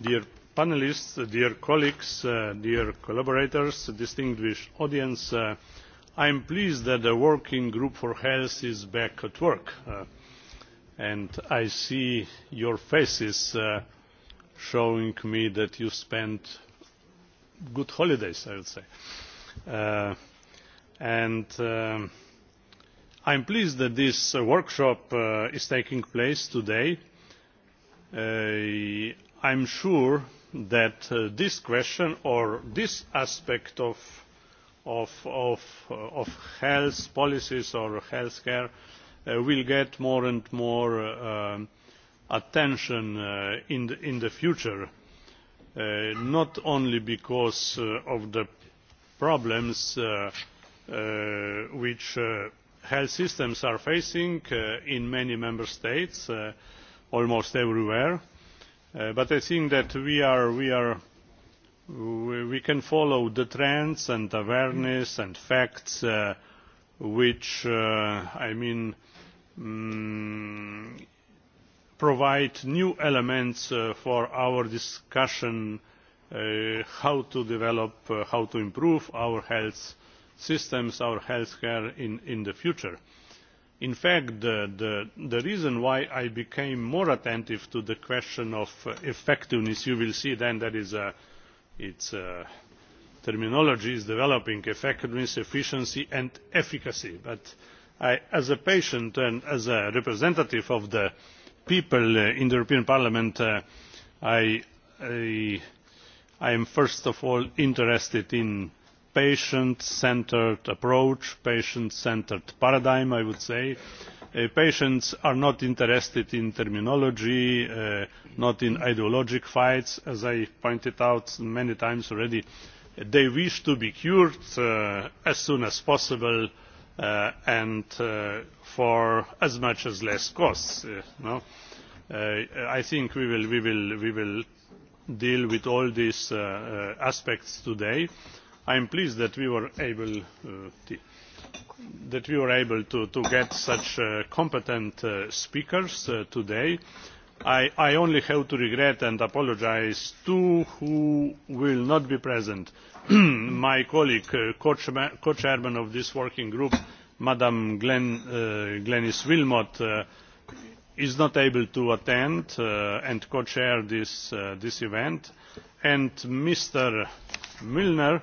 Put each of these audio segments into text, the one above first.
Dear panelists, dear colleagues, uh, dear collaborators, distinguished audience, uh, I am pleased that the Working Group for Health is back at work. Uh, and I see your faces uh, showing me that you spent good holidays, I would say. Uh, and I uh, I'm pleased that this uh, workshop uh, is taking place today. Uh, I'm sure that uh, this question or this aspect of, of, of, uh, of health policies or health care uh, will get more and more uh, attention uh, in, the, in the future, uh, not only because uh, of the problems uh, Uh, which uh, health systems are facing uh, in many member states, uh, almost everywhere. Uh, but I think that we, are, we, are, we can follow the trends and awareness and facts uh, which, uh, I mean, um, provide new elements uh, for our discussion uh, how to develop, uh, how to improve our health systems, our healthcare in, in the future. In fact, the, the, the reason why I became more attentive to the question of uh, effectiveness, you will see then that is a, uh, it's a uh, terminology is developing effectiveness, efficiency and efficacy. But I, as a patient and as a representative of the people in the European Parliament, uh, I, I, I am first of all interested in patient-centered approach, patient-centered paradigm, I would say. Uh, patients are not interested in terminology, uh, not in ideologic fights. As I pointed out many times already, they wish to be cured uh, as soon as possible uh, and uh, for as much as less costs. Uh, no? uh, I think we will, we, will, we will deal with all these uh, uh, aspects today. Uh, I am pleased that we were able, uh, that we were able to, to get such uh, competent uh, speakers uh, today. I, I only have to regret and apologize to who will not be present. My colleague, uh, co-chairman co of this working group, Madam Glen, uh, Glenis Wilmot, uh, is not able to attend uh, and co-chair this, uh, this event. And Mr. Milner,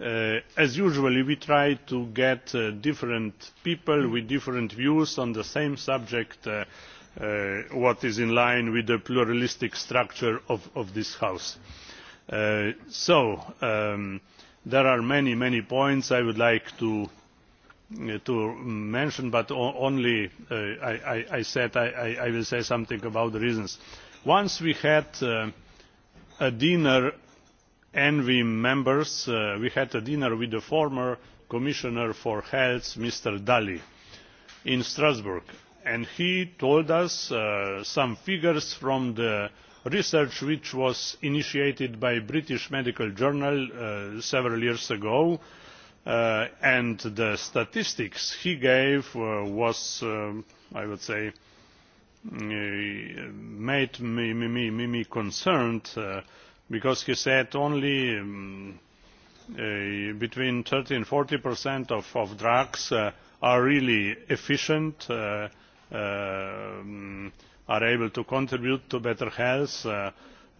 Uh, as usual, we try to get uh, different people with different views on the same subject, uh, uh, what is in line with the pluralistic structure of, of this House. Uh, so, um, there are many, many points I would like to, uh, to mention, but o only uh, I, I, I said I, I, I will say something about the reasons. Once we had uh, a dinner envi members uh, we had a dinner with the former commissioner for health mr dalli in strasbourg and he told us uh, some figures from the research which was initiated by british medical journal uh, several years ago uh, and the statistics he gave uh, was uh, i would say mm, uh, made me, me, me, me concerned uh, because he said only um, uh, between 30 and 40 percent of, of drugs uh, are really efficient, uh, uh, are able to contribute to better health, uh,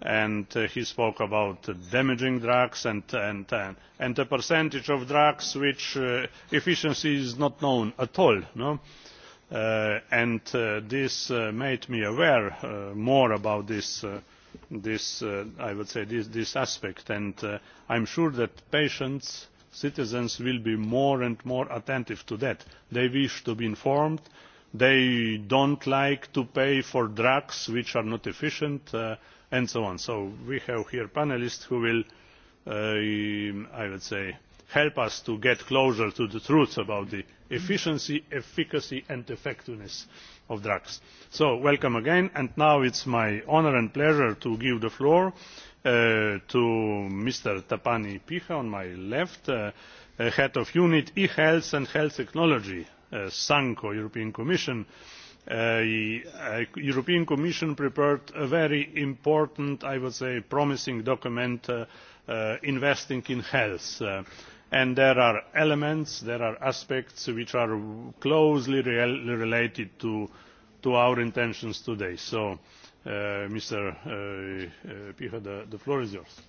and uh, he spoke about damaging drugs and, and, and, and the percentage of drugs which uh, efficiency is not known at all. No? Uh, and uh, this uh, made me aware uh, more about this uh, this, uh, I would say, this, this aspect. And uh, I'm sure that patients, citizens will be more and more attentive to that. They wish to be informed. They don't like to pay for drugs which are not efficient uh, and so on. So we have here panelists who will, uh, I would say, help us to get closer to the truth about the efficiency, efficacy and effectiveness of drugs. So, welcome again, and now it's my honor and pleasure to give the floor uh, to Mr. Tapani Picha on my left, uh, uh, Head of Unit e-Health and Health Technology, uh, SANCO, European Commission. The uh, uh, European Commission prepared a very important, I would say, promising document uh, uh, investing in health. Uh, and there are elements, there are aspects which are closely related to, to our intentions today. So, uh, Mr. Uh, uh, the, the floor is yours.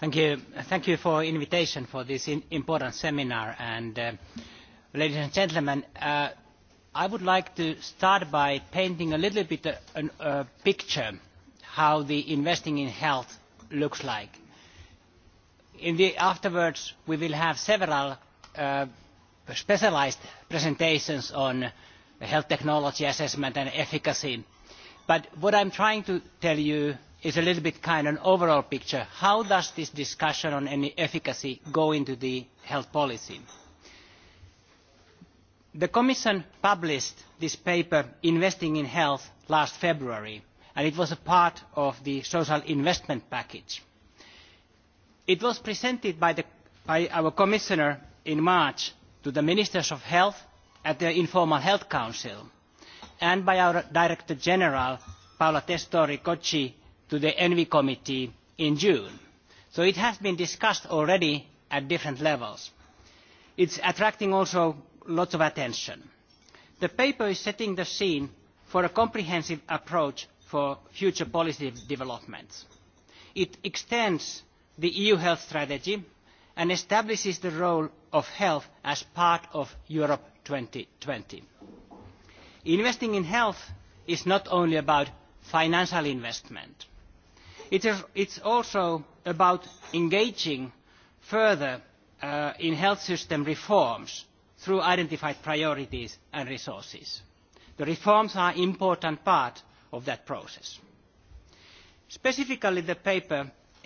Thank you. Thank you for invitation for this in important seminar. And, uh, ladies and gentlemen, uh, I would like to start by painting a little bit a, a, a picture how the investing in health looks like in the afterwards we will have several uh, specialized presentations on health technology assessment and efficacy. But what I'm trying to tell you is a little bit kind of an overall picture. How does this discussion on any efficacy go into the health policy? The Commission published this paper, Investing in Health, last February, and it was a part of the social investment package. It was presented by, the, by our Commissioner in March to the Ministers of Health at the Informal Health Council and by our Director General, Paola Testori Kochi to the Envy Committee in June. So it has been discussed already at different levels. It's attracting also lots of attention. The paper is setting the scene for a comprehensive approach for future policy developments. It extends the EU health strategy and establishes the role of health as part of Europe 2020. Investing in health is not only about financial investment. It is also about engaging further uh, in health system reforms through identified priorities and resources. The reforms are an important part of that process. Specifically, the paper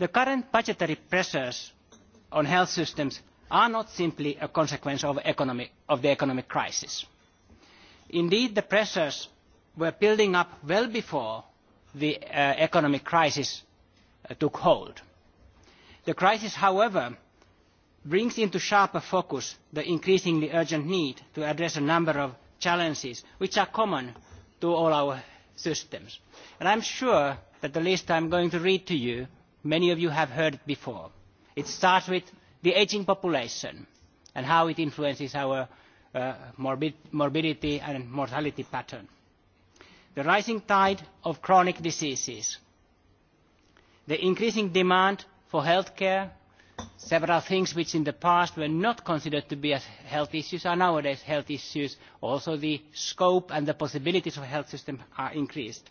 The current budgetary pressures on health systems are not simply a consequence of, economic, of the economic crisis. Indeed, the pressures were building up well before the uh, economic crisis uh, took hold. The crisis, however, brings into sharper focus the increasingly urgent need to address a number of challenges which are common to all our systems. And I'm sure that the list I'm going to read to you Many of you have heard it before. It starts with the aging population and how it influences our uh, morbid morbidity and mortality pattern. The rising tide of chronic diseases, the increasing demand for health care, several things which in the past were not considered to be as health issues are nowadays health issues. Also the scope and the possibilities of health system are increased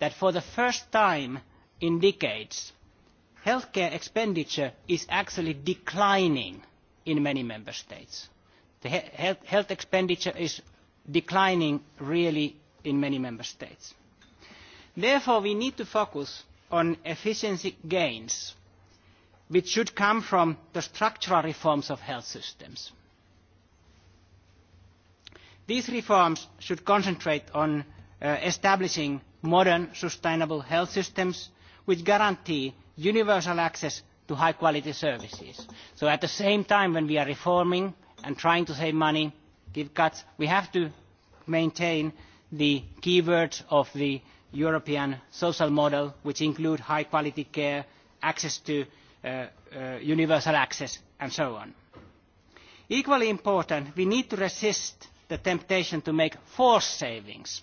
that for the first time in decades, healthcare expenditure is actually declining in many member states. The he health, health expenditure is declining really in many member states. Therefore, we need to focus on efficiency gains, which should come from the structural reforms of health systems. These reforms should concentrate on uh, establishing modern sustainable health systems which guarantee universal access to high quality services. So at the same time when we are reforming and trying to save money, give cuts, we have to maintain the keywords of the European social model which include high quality care, access to uh, uh, universal access and so on. Equally important, we need to resist the temptation to make forced savings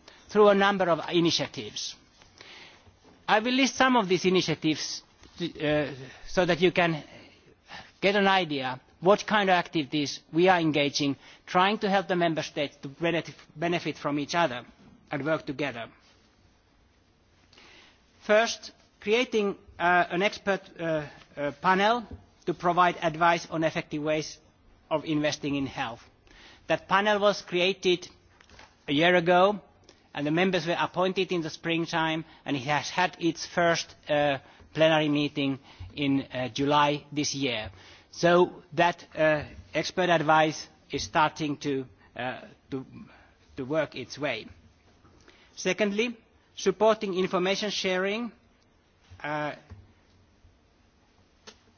through a number of initiatives. I will list some of these initiatives to, uh, so that you can get an idea what kind of activities we are engaging, trying to help the member states to benefit, from each other and work together. First, creating uh, an expert uh, uh, panel to provide advice on effective ways of investing in health. That panel was created a year ago and the members were appointed in the springtime and it has had its first uh, plenary meeting in uh, July this year. So that uh, expert advice is starting to, uh, to, to work its way. Secondly, supporting information sharing uh,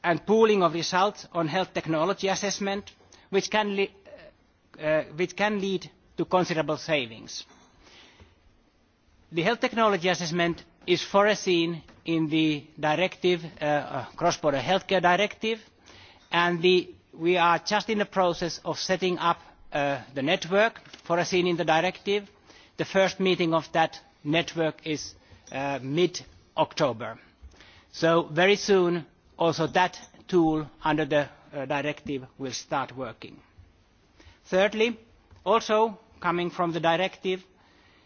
and pooling of results on health technology assessment, which can, uh, uh, which can lead to considerable savings the health technology assessment is foreseen in the directive, uh, uh, cross-border healthcare directive, and the, we are just in the process of setting up uh, the network foreseen in the directive. The first meeting of that network is uh, mid-October. So very soon, also that tool under the uh, directive will start working. Thirdly, also coming from the directive,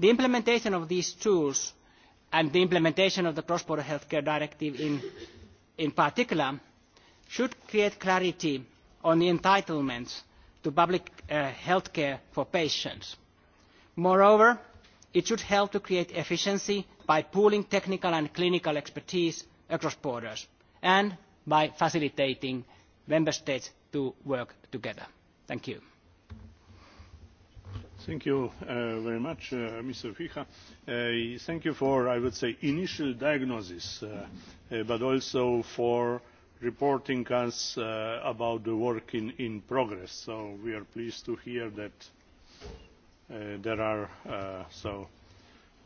The implementation of these tools and the implementation of the cross-border healthcare directive in, in particular should create clarity on the entitlements to public uh, health care for patients. Moreover, it should help to create efficiency by pooling technical and clinical expertise across borders and by facilitating member states to work together. Thank you. Thank you uh, very much, uh, Mr. Fija. Uh, thank you for, I would say, initial diagnosis, uh, uh, but also for reporting us uh, about the work in, in progress. So we are pleased to hear that uh, there are, uh, so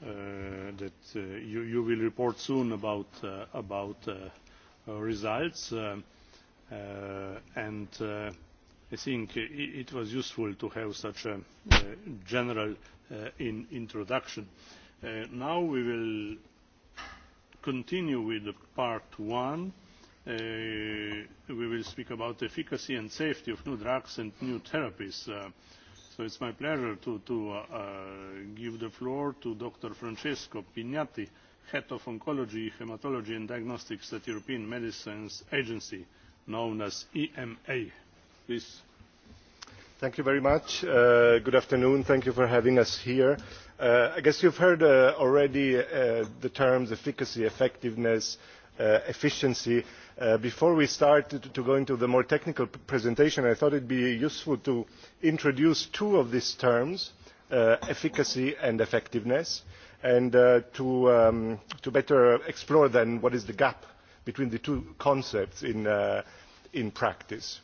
uh, that uh, you, you will report soon about, uh, about uh, results. Uh, uh, and uh, I think it was useful to have such a uh, general uh, in introduction. Uh, now we will continue with the part one. Uh, we will speak about efficacy and safety of new drugs and new therapies. Uh, so it's my pleasure to, to uh, uh, give the floor to Dr. Francesco Pignatti, Head of Oncology, Hematology and Diagnostics at European Medicines Agency, known as EMA please. Thank you very much. Uh, good afternoon. Thank you for having us here. Uh, I guess you've heard uh, already uh, the terms efficacy, effectiveness, uh, efficiency. Uh, before we start to, to go into the more technical presentation, I thought it would be useful to introduce two of these terms, uh, efficacy and effectiveness, and uh, to, um, to better explore then what is the gap between the two concepts in, uh, in practice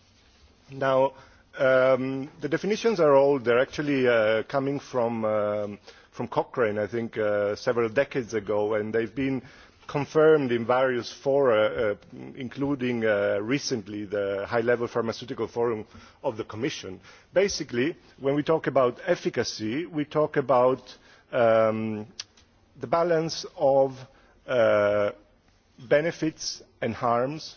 Now, um, the definitions are old. They're actually uh, coming from, um, from Cochrane, I think, uh, several decades ago, and they've been confirmed in various fora, uh, including uh, recently the High-Level Pharmaceutical Forum of the Commission. Basically, when we talk about efficacy, we talk about um, the balance of uh, benefits and harms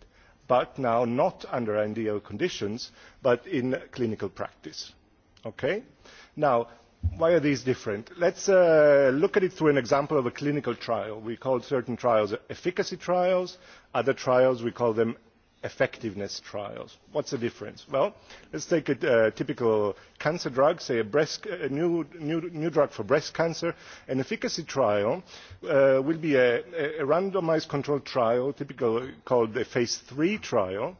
but now not under NDO conditions, but in clinical practice. Okay? Now, why are these different? Let's uh, look at it through an example of a clinical trial. We call certain trials efficacy trials. Other trials, we call them effectiveness trials. What's the difference? Well, let's take a uh, typical cancer drug, say a, breast, a uh, new, new, new drug for breast cancer. An efficacy trial uh, will be a, a randomized controlled trial, typically called a phase three trial,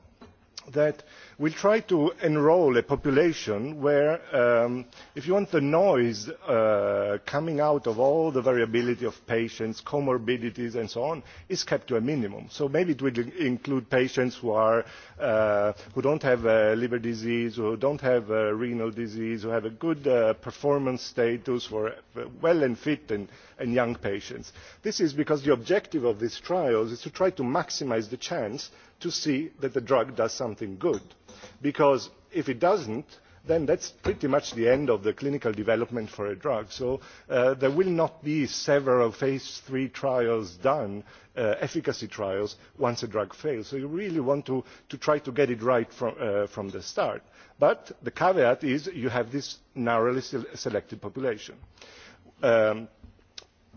that will try to enrol a population where, um, if you want the noise uh, coming out of all the variability of patients, comorbidities and so on, is kept to a minimum. So maybe it will include patients who, are, uh, who don't have uh, liver disease, who don't have uh, renal disease, who have a good uh, performance status for well and fit and, and young patients. This is because the objective of these trials is to try to maximize the chance to see that the drug does something good because if it doesn't then that's pretty much the end of the clinical development for a drug. So uh, there will not be several phase three trials done, uh, efficacy trials, once a drug fails. So you really want to, to try to get it right from, uh, from the start. But the caveat is you have this narrowly selected population. Um,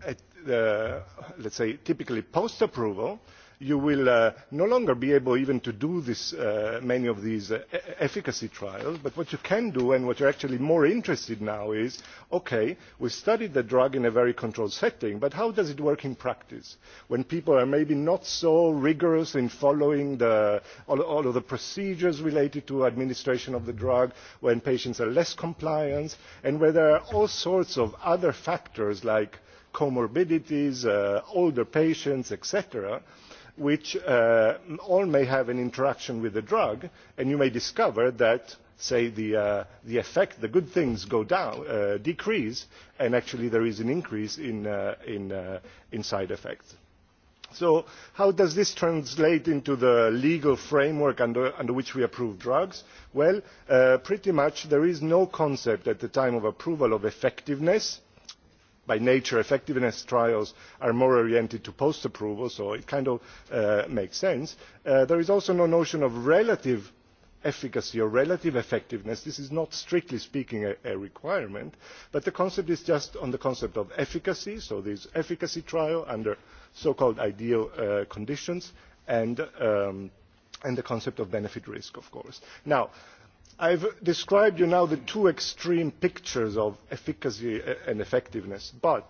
at, uh, let's say typically post-approval, uh, you will uh, no longer be able even to do this, uh, many of these uh, e-, efficacy trials, but what you can do and what you're actually more interested in now is, okay, we studied the drug in a very controlled setting, but how does it work in practice when people are maybe not so rigorous in following the, all, all of the procedures related to administration of the drug, when patients are less compliant, and where there are all sorts of other factors like comorbidities, uh, older patients, etc., which uh, all may have an interaction with the drug, and you may discover that, say, the, uh, the effect, the good things go down, uh, decrease, and actually there is an increase in, uh, in, uh, in side effects. So how does this translate into the legal framework under, under which we approve drugs? Well, uh, pretty much there is no concept at the time of approval of effectiveness by nature effectiveness trials are more oriented to post approval so it kind of uh, makes sense. Uh, there is also no notion of relative efficacy or relative effectiveness this is not strictly speaking a, a requirement but the concept is just on the concept of efficacy so there is efficacy trial under so called ideal uh, conditions and, um, and the concept of benefit risk of course. now I have described you now the two extreme pictures of efficacy and effectiveness, but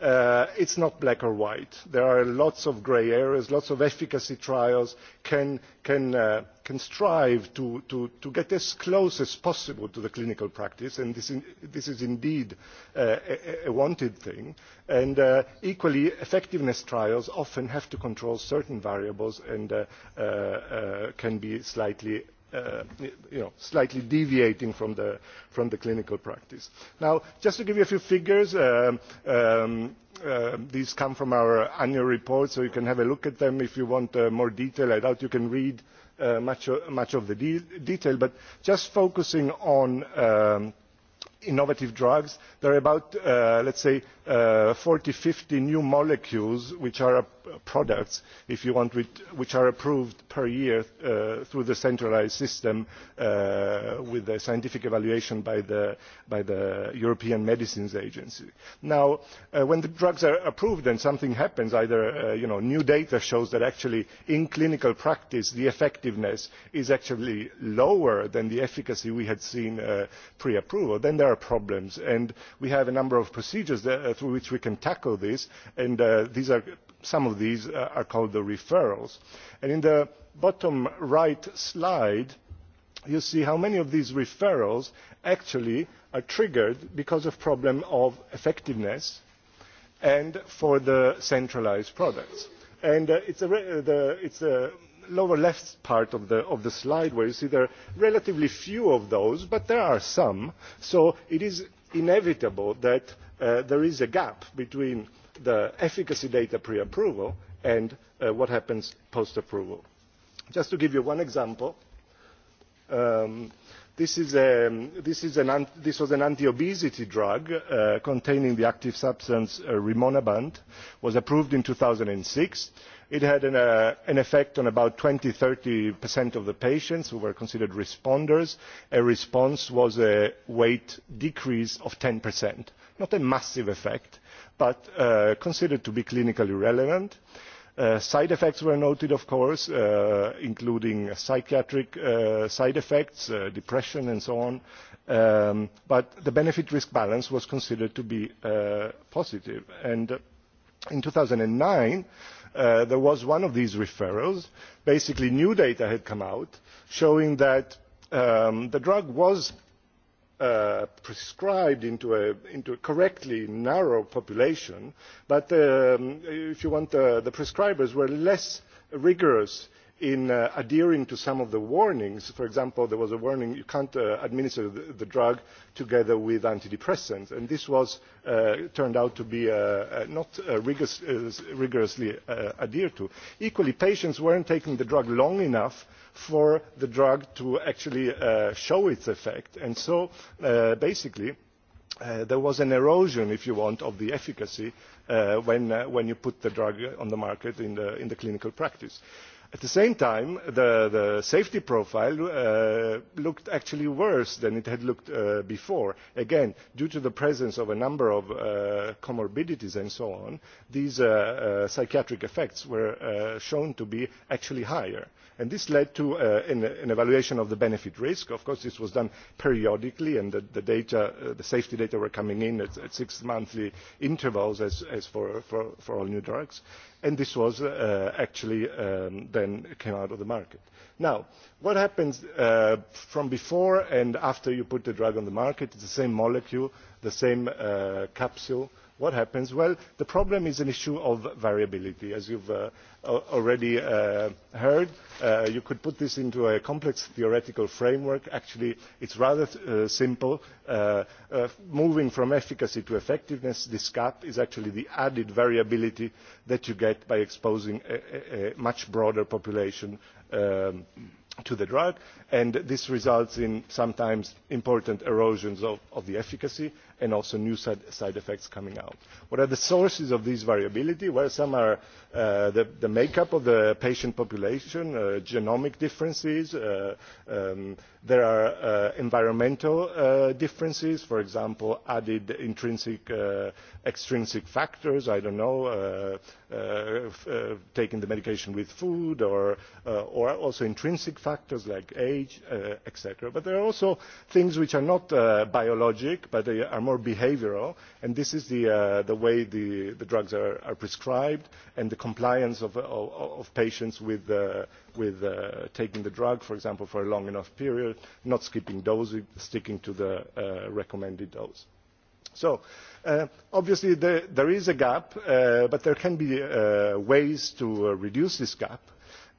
it uh, it's not black or white. There are lots of grey areas, lots of efficacy trials can, can, uh, can strive to, to, to get as close as possible to the clinical practice, and this, in, this is indeed uh, a, a wanted thing. And uh, equally, effectiveness trials often have to control certain variables and can be slightly uh, you know, slightly deviating from the, from the clinical practice. Now, just to give you a few figures, um, um, uh, these come from our annual report, so you can have a look at them if you want uh, more detail. I doubt you can read uh, much, of, much of the de detail, but just focusing on um, innovative drugs, there are about, uh, let's say, uh, 40, 50 new molecules which are products, if you want, which are approved per year uh, through the centralized system uh, with the scientific evaluation by the, by the European Medicines Agency. Now, uh, when the drugs are approved and something happens, either uh, you know, new data shows that actually in clinical practice the effectiveness is actually lower than the efficacy we had seen uh, pre-approval, then there are problems. And we have a number of procedures that, uh, through which we can tackle this and uh, these are some of these uh, are called the referrals. And in the bottom right slide you see how many of these referrals actually are triggered because of problem of effectiveness and for the centralised products. And uh, it's, a re uh, the, it's a lower left part of the, of the slide where you see there are relatively few of those, but there are some. So it is inevitable that Uh, there is a gap between the efficacy data pre-approval and uh, what happens post-approval. Just to give you one example, um, this, is a, um, this, is an, this was an anti-obesity drug uh, containing the active substance uh, rimonabant, was approved in two thousand six. It had an, uh, an effect on about 20-30% of the patients who were considered responders. A response was a weight decrease of 10%. Not a massive effect, but uh, considered to be clinically relevant. Uh, side effects were noted, of course, uh, including psychiatric uh, side effects, uh, depression and so on, um, but the benefit-risk balance was considered to be uh, positive. And in 2009, Uh, there was one of these referrals. Basically, new data had come out showing that um, the drug was uh, prescribed into a, into a correctly narrow population, but um, if you want, uh, the prescribers were less rigorous in uh, adhering to some of the warnings. For example, there was a warning you can't uh, administer the, the drug together with antidepressants, and this was uh, turned out to be uh, uh, not uh, rigorous, uh, rigorously uh, adhered to. Equally, patients weren't taking the drug long enough for the drug to actually uh, show its effect, and so uh, basically. Uh, there was an erosion, if you want, of the efficacy uh, when, uh, when you put the drug on the market in the, in the clinical practice. Uh, At the same time, the, the safety profile uh, looked actually worse than it had looked uh, before. Again, due to the presence of a number of uh, comorbidities and so on, these uh, uh, psychiatric effects were uh, shown to be actually higher. And this led to uh, an, an evaluation of the benefit risk. Of course, this was done periodically, and the, the, data, uh, the safety data were coming in at, at six monthly intervals as, as for, for, for all new drugs and this was uh, actually um, then came out of the market. Now, what happens uh, from before and after you put the drug on the market? It's the same molecule, the same uh, capsule, what happens? Well, the problem is an issue of variability. As you've uh, already uh, heard, uh, you could put this into a complex theoretical framework. Actually, it's rather uh, simple. Uh, uh, moving from efficacy to effectiveness, this gap is actually the added variability that you get by exposing a, a, a much broader population um, to the drug and this results in sometimes important erosions of, of the efficacy and also new side, side effects coming out. What are the sources of this variability? Well, some are uh, the, the makeup of the patient population, uh, genomic differences. Uh, um, there are uh, environmental uh, differences, for example, added intrinsic, uh, extrinsic factors, I don't know, uh, uh, uh, taking the medication with food or, uh, or also intrinsic factors like age, uh, etc. But there are also things which are not uh, biologic, but they are more behavioral, and this is the, uh, the way the, the drugs are, are prescribed and the compliance of, of, of patients with, uh, with uh, taking the drug, for example, for a long enough period, not skipping doses, sticking to the uh, recommended dose. So, uh, obviously, there, there is a gap, uh, but there can be uh, ways to uh, reduce this gap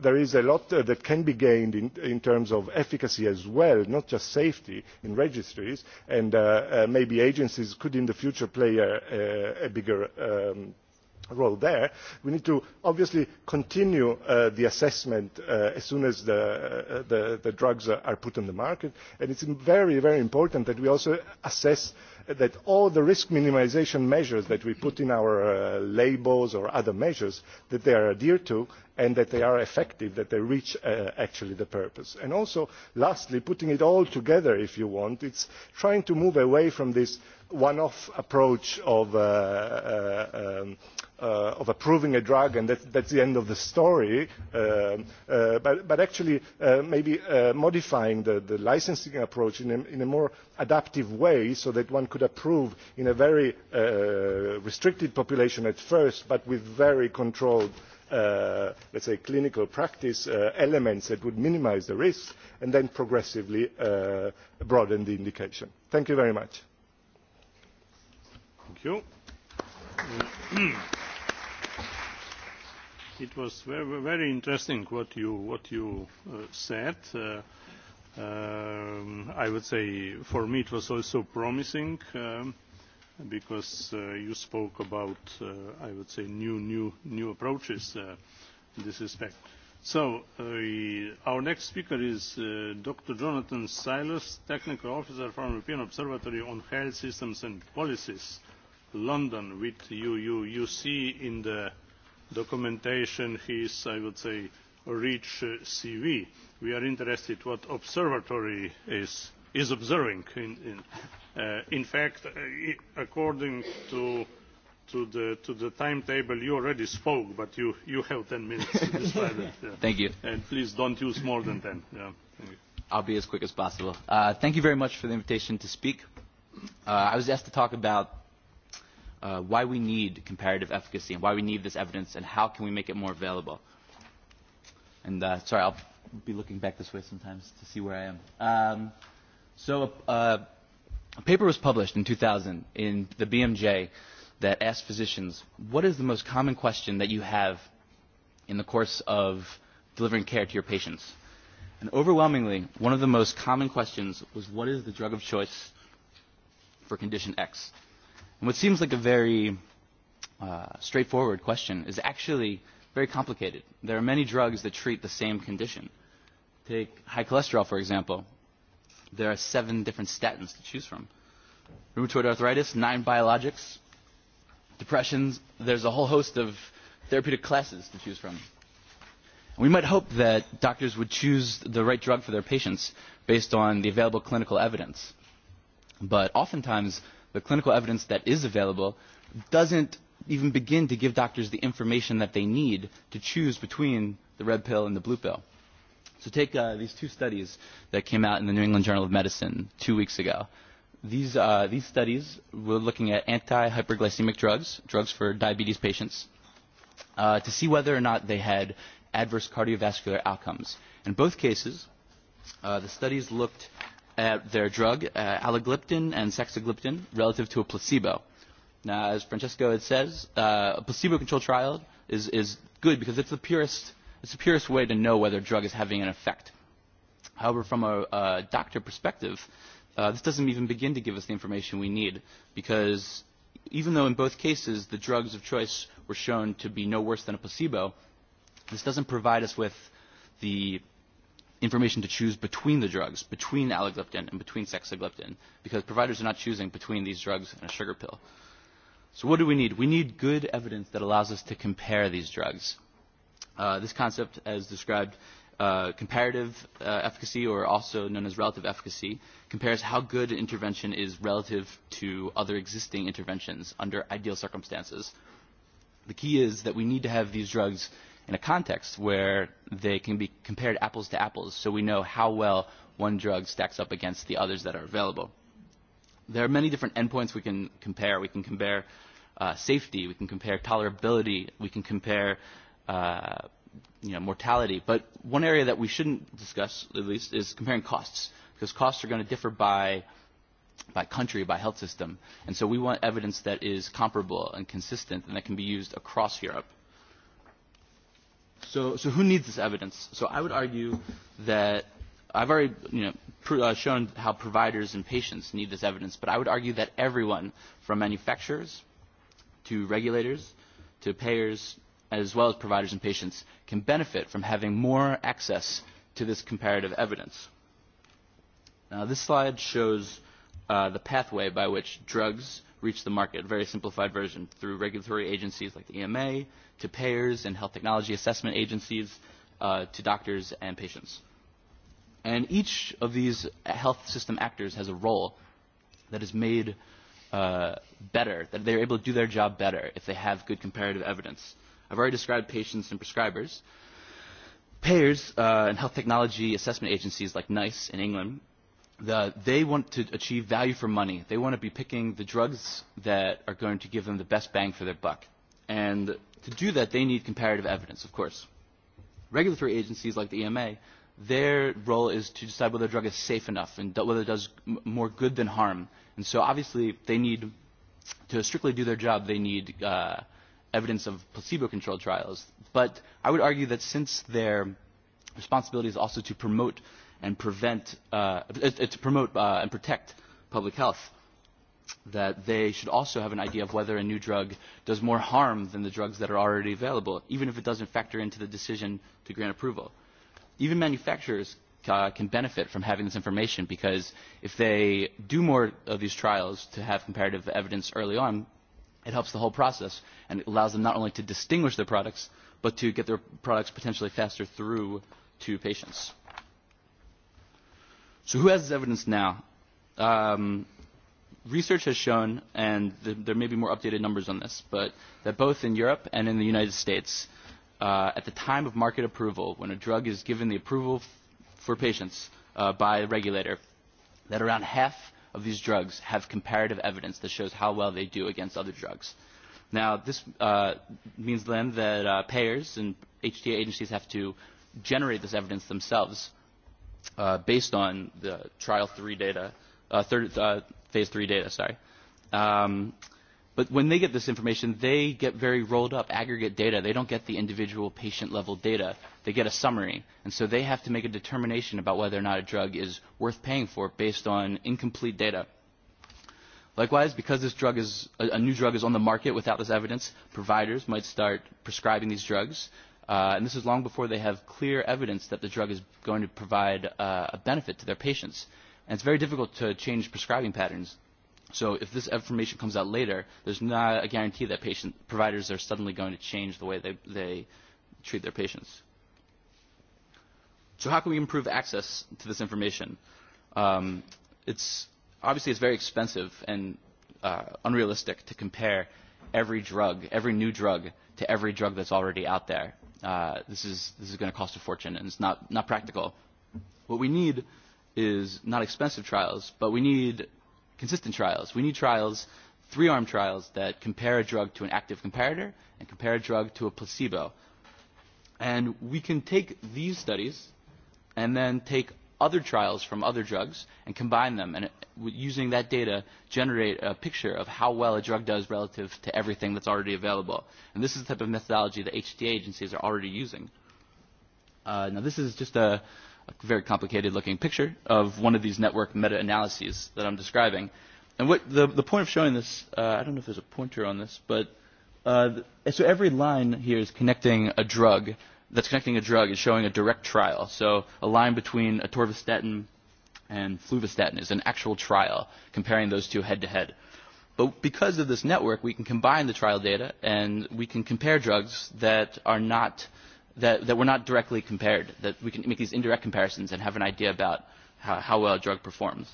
there is a lot uh, that can be gained in, in terms of efficacy as well, not just safety in registries, and uh, uh, maybe agencies could in the future play a, bigger um, role there. We need to obviously continue the assessment as soon as the, drugs are put on the market, and it is very important that we also assess that all the risk minimisation measures that we put in our uh, labels or other measures, that they are adhered to and that they are effective, that they reach uh, actually the purpose. And also, lastly, putting it all together, if you want, it's trying to move away from this one-off approach of, uh, uh, um, uh, of approving a drug and that, that's the end of the story, um, uh, but, but actually uh, maybe uh, modifying the, the licensing approach in a, in a more adaptive way so that one could approve in a very uh, restricted population at first but with very controlled uh, let us say clinical practice uh, elements that would minimise the risk and then progressively broaden the indication. Thank you very much. Thank you. it was very interesting what you, what you uh, said. Uh, um, I would say for me it was also promising um, because uh, you spoke about, uh, I would say, new, new, new approaches uh, in this respect. So uh, our next speaker is uh, Dr. Jonathan Silas, Technical Officer from European Observatory on Health Systems and Policies, London, with you. You, you see in the documentation his, I would say, rich uh, CV we are interested what observatory is is observing in in, uh, in fact uh, according to to the to the timetable you already spoke but you you have 10 minutes to describe it yeah. thank you and please don't use more than 10 yeah thank you. i'll be as quick as possible uh thank you very much for the invitation to speak uh i was asked to talk about uh, why we need comparative efficacy and why we need this evidence and how can we make it more available. And uh, sorry, I'll be looking back this way sometimes to see where I am. Um, so uh, a paper was published in 2000 in the BMJ that asked physicians, what is the most common question that you have in the course of delivering care to your patients? And overwhelmingly, one of the most common questions was, what is the drug of choice for condition X? And what seems like a very uh, straightforward question is actually – very complicated. There are many drugs that treat the same condition. Take high cholesterol, for example. There are seven different statins to choose from. Rheumatoid arthritis, nine biologics. Depressions, there's a whole host of therapeutic classes to choose from. We might hope that doctors would choose the right drug for their patients based on the available clinical evidence. But oftentimes, the clinical evidence that is available doesn't even begin to give doctors the information that they need to choose between the red pill and the blue pill. So take uh, these two studies that came out in the New England Journal of Medicine two weeks ago. These, uh, these studies were looking at anti-hyperglycemic drugs, drugs for diabetes patients, uh, to see whether or not they had adverse cardiovascular outcomes. In both cases, uh, the studies looked at their drug, uh, allogliptin and sexagliptin, relative to a placebo. Now, as Francesco had says, uh, a placebo-controlled trial is, is good because it's the, purest, it's the purest way to know whether a drug is having an effect. However, from a, a doctor perspective, uh, this doesn't even begin to give us the information we need because even though in both cases the drugs of choice were shown to be no worse than a placebo, this doesn't provide us with the information to choose between the drugs, between allogliptin and between sexagliptin, because providers are not choosing between these drugs and a sugar pill. So what do we need? We need good evidence that allows us to compare these drugs. Uh, this concept, as described, uh, comparative uh, efficacy, or also known as relative efficacy, compares how good an intervention is relative to other existing interventions under ideal circumstances. The key is that we need to have these drugs in a context where they can be compared apples to apples so we know how well one drug stacks up against the others that are available there are many different endpoints we can compare. We can compare uh, safety, we can compare tolerability, we can compare uh, you know, mortality. But one area that we shouldn't discuss, at least, is comparing costs, because costs are going to differ by by country, by health system. And so we want evidence that is comparable and consistent and that can be used across Europe. So, so who needs this evidence? So I would argue that I've already you know, pr uh, shown how providers and patients need this evidence, but I would argue that everyone, from manufacturers to regulators to payers, as well as providers and patients, can benefit from having more access to this comparative evidence. Now, this slide shows uh, the pathway by which drugs reach the market, a very simplified version, through regulatory agencies like the EMA, to payers and health technology assessment agencies, uh, to doctors and patients. And each of these health system actors has a role that is made uh, better, that they're able to do their job better if they have good comparative evidence. I've already described patients and prescribers. Payers uh, and health technology assessment agencies like NICE in England, the, they want to achieve value for money. They want to be picking the drugs that are going to give them the best bang for their buck. And to do that, they need comparative evidence, of course. Regulatory agencies like the EMA their role is to decide whether a drug is safe enough and whether it does m more good than harm. And so obviously they need, to strictly do their job, they need uh, evidence of placebo-controlled trials. But I would argue that since their responsibility is also to promote and prevent, uh, uh, to promote uh, and protect public health, that they should also have an idea of whether a new drug does more harm than the drugs that are already available, even if it doesn't factor into the decision to grant approval even manufacturers uh, can benefit from having this information because if they do more of these trials to have comparative evidence early on, it helps the whole process and it allows them not only to distinguish their products, but to get their products potentially faster through to patients. So who has this evidence now? Um, research has shown, and th there may be more updated numbers on this, but that both in Europe and in the United States, uh, at the time of market approval, when a drug is given the approval for patients uh, by a regulator, that around half of these drugs have comparative evidence that shows how well they do against other drugs. Now, this uh, means then that uh, payers and HTA agencies have to generate this evidence themselves uh, based on the trial three data, uh, third, uh, phase three data, sorry. Um, But when they get this information, they get very rolled up aggregate data. They don't get the individual patient level data. They get a summary. And so they have to make a determination about whether or not a drug is worth paying for based on incomplete data. Likewise, because this drug is, a, a new drug is on the market without this evidence, providers might start prescribing these drugs. Uh, and this is long before they have clear evidence that the drug is going to provide uh, a benefit to their patients. And it's very difficult to change prescribing patterns So if this information comes out later, there's not a guarantee that patient providers are suddenly going to change the way they, they treat their patients. So how can we improve access to this information? Um, it's obviously it's very expensive and uh, unrealistic to compare every drug, every new drug, to every drug that's already out there. Uh, this is this is going to cost a fortune, and it's not not practical. What we need is not expensive trials, but we need consistent trials. We need trials, three-arm trials, that compare a drug to an active comparator and compare a drug to a placebo. And we can take these studies and then take other trials from other drugs and combine them and uh, using that data generate a picture of how well a drug does relative to everything that's already available. And this is the type of methodology that HTA agencies are already using. Uh, now this is just a a very complicated looking picture of one of these network meta-analyses that I'm describing. And what the, the point of showing this, uh, I don't know if there's a pointer on this, but uh, so every line here is connecting a drug, that's connecting a drug is showing a direct trial. So a line between atorvastatin and fluvastatin is an actual trial, comparing those two head to head. But because of this network, we can combine the trial data and we can compare drugs that are not that, that we're not directly compared, that we can make these indirect comparisons and have an idea about how, how well a drug performs.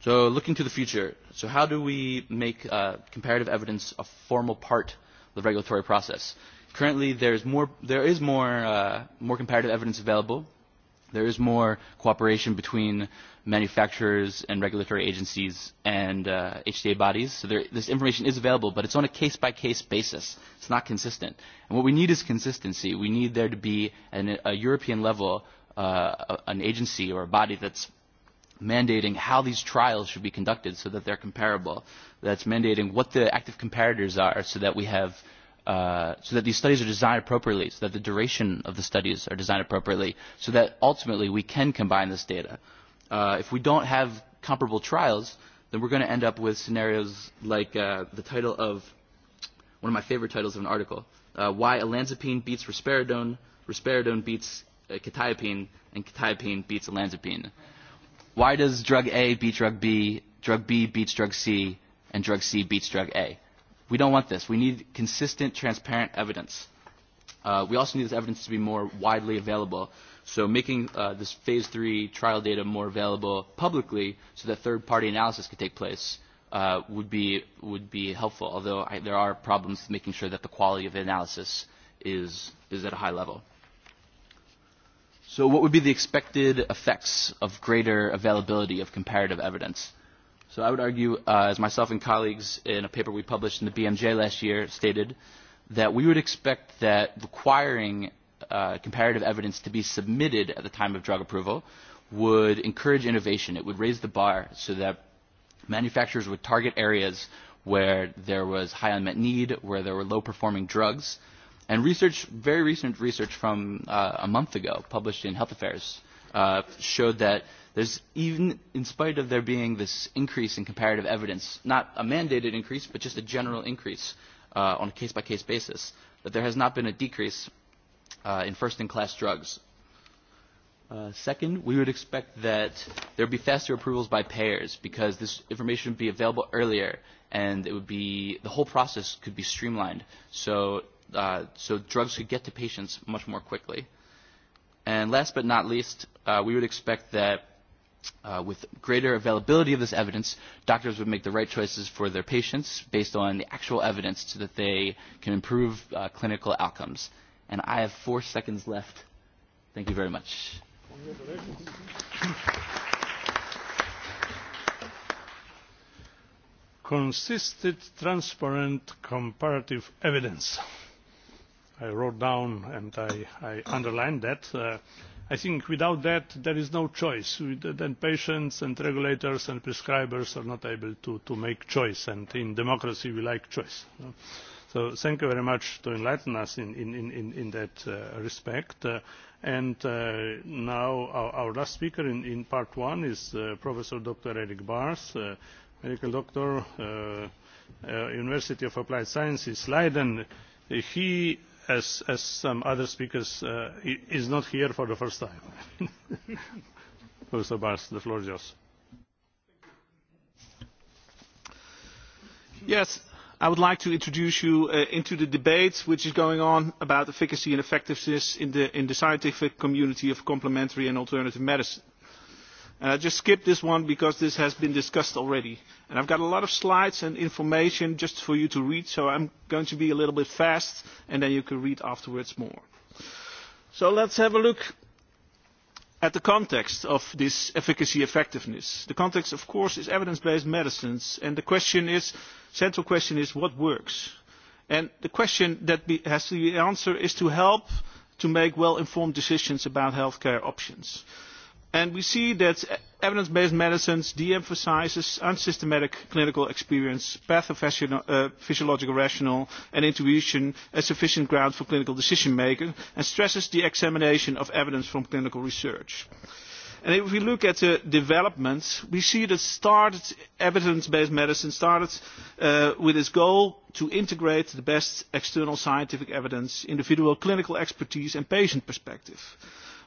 So looking to the future, so how do we make uh, comparative evidence a formal part of the regulatory process? Currently, there's more, there is more, uh, more comparative evidence available there is more cooperation between manufacturers and regulatory agencies and uh, HTA bodies. So there, this information is available, but it's on a case-by-case -case basis. It's not consistent. And what we need is consistency. We need there to be an, a European level, uh, an agency or a body that's mandating how these trials should be conducted so that they're comparable, that's mandating what the active comparators are so that we have – uh, so that these studies are designed appropriately, so that the duration of the studies are designed appropriately, so that ultimately we can combine this data. Uh, if we don't have comparable trials, then we're going to end up with scenarios like uh, the title of one of my favorite titles of an article, uh, Why Olanzapine Beats Risperidone, Risperidone Beats uh, Quetiapine, and Quetiapine Beats Olanzapine. Why does drug A beat drug B, drug B beats drug C, and drug C beats drug A? We don't want this. We need consistent, transparent evidence. Uh, we also need this evidence to be more widely available. So making uh, this phase three trial data more available publicly so that third-party analysis could take place uh, would, be, would be helpful, although I, there are problems making sure that the quality of the analysis is, is at a high level. So what would be the expected effects of greater availability of comparative evidence? So I would argue, uh, as myself and colleagues in a paper we published in the BMJ last year stated, that we would expect that requiring uh, comparative evidence to be submitted at the time of drug approval would encourage innovation. It would raise the bar so that manufacturers would target areas where there was high unmet need, where there were low performing drugs. And research, very recent research from uh, a month ago, published in Health Affairs, uh, showed that There's even, in spite of there being this increase in comparative evidence, not a mandated increase, but just a general increase uh, on a case-by-case -case basis, that there has not been a decrease uh, in first-in-class drugs. Uh, second, we would expect that there would be faster approvals by payers because this information would be available earlier and it would be, the whole process could be streamlined so, uh, so drugs could get to patients much more quickly. And last but not least, uh, we would expect that Uh, with greater availability of this evidence, doctors would make the right choices for their patients based on the actual evidence so that they can improve uh, clinical outcomes. And I have four seconds left. Thank you very much. Consistent, transparent, comparative evidence. I wrote down and I, I underlined that. Uh, I think without that, there is no choice. Then patients and regulators and prescribers are not able to, to make choice, and in democracy we like choice. So thank you very much to enlighten us in, in, in, in that uh, respect. Uh, and uh, now our, our last speaker in, in part one is uh, Professor Dr. Eric Bars, uh, medical doctor, uh, uh, University of Applied Sciences, Leiden. He as, as some other speakers, uh, is not here for the first time. Professor Barnes, the floor is yours. Yes, I would like to introduce you uh, into the debate which is going on about efficacy and effectiveness in the, in the scientific community of complementary and alternative medicine. And I just skipped this one because this has been discussed already. And I've got a lot of slides and information just for you to read, so I'm going to be a little bit fast, and then you can read afterwards more. So let's have a look at the context of this efficacy effectiveness. The context, of course, is evidence-based medicines, and the question is, central question is, what works? And the question that be, has to be answered is to help to make well-informed decisions about healthcare options. And we see that evidence-based medicines de-emphasizes unsystematic clinical experience, pathophysiological uh, rationale and intuition as sufficient ground for clinical decision-making and stresses the examination of evidence from clinical research. And if we look at the developments, we see that started evidence-based medicine started uh, with its goal to integrate the best external scientific evidence, individual clinical expertise and patient perspective.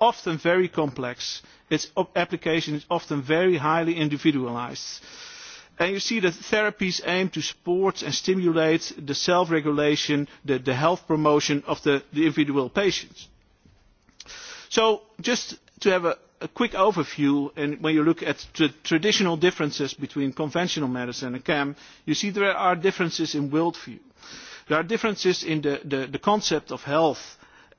often very complex. Its application is often very highly individualized. And you see that therapies aim to support and stimulate the self-regulation, the, the health promotion of the, the individual patients. So just to have a, a quick overview, and when you look at the traditional differences between conventional medicine and CAM, you see there are differences in worldview. There are differences in the, the, the concept of health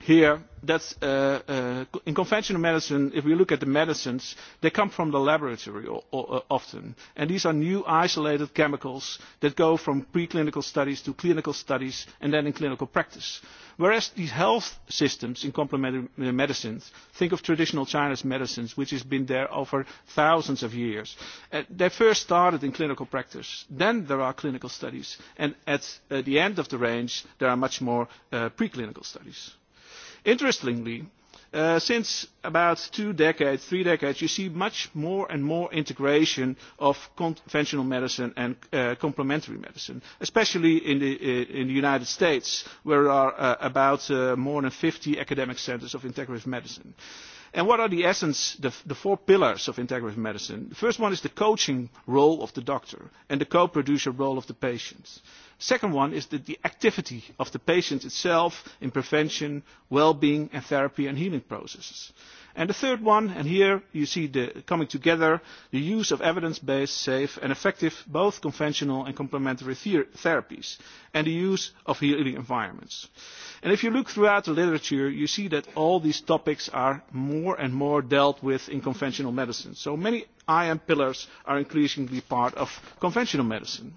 here that's uh, uh, in conventional medicine if we look at the medicines they come from the laboratory or, uh, often and these are new isolated chemicals that go from preclinical studies to clinical studies and then in clinical practice whereas these health systems in complementary medicines think of traditional chinese medicines which has been there over thousands of years uh, they first started in clinical practice then there are clinical studies and at uh, the end of the range there are much more uh, preclinical studies Interestingly, uh, since about two decades, three decades, you see much more and more integration of conventional medicine and uh, complementary medicine, especially in the, uh, in the United States, where there are uh, about uh, more than 50 academic centers of integrative medicine. Uh, And what are the essence, the, the four pillars of integrative medicine? The first one is the coaching role of the doctor and the co-producer role of the patient. Second one is the, the activity of the patient itself in prevention, well-being and therapy and healing processes. And the third one, and here you see the coming together, the use of evidence-based, safe and effective both conventional and complementary ther therapies, and the use of healing environments. And if you look throughout the literature, you see that all these topics are more and more dealt with in conventional medicine. So many IM pillars are increasingly part of conventional medicine.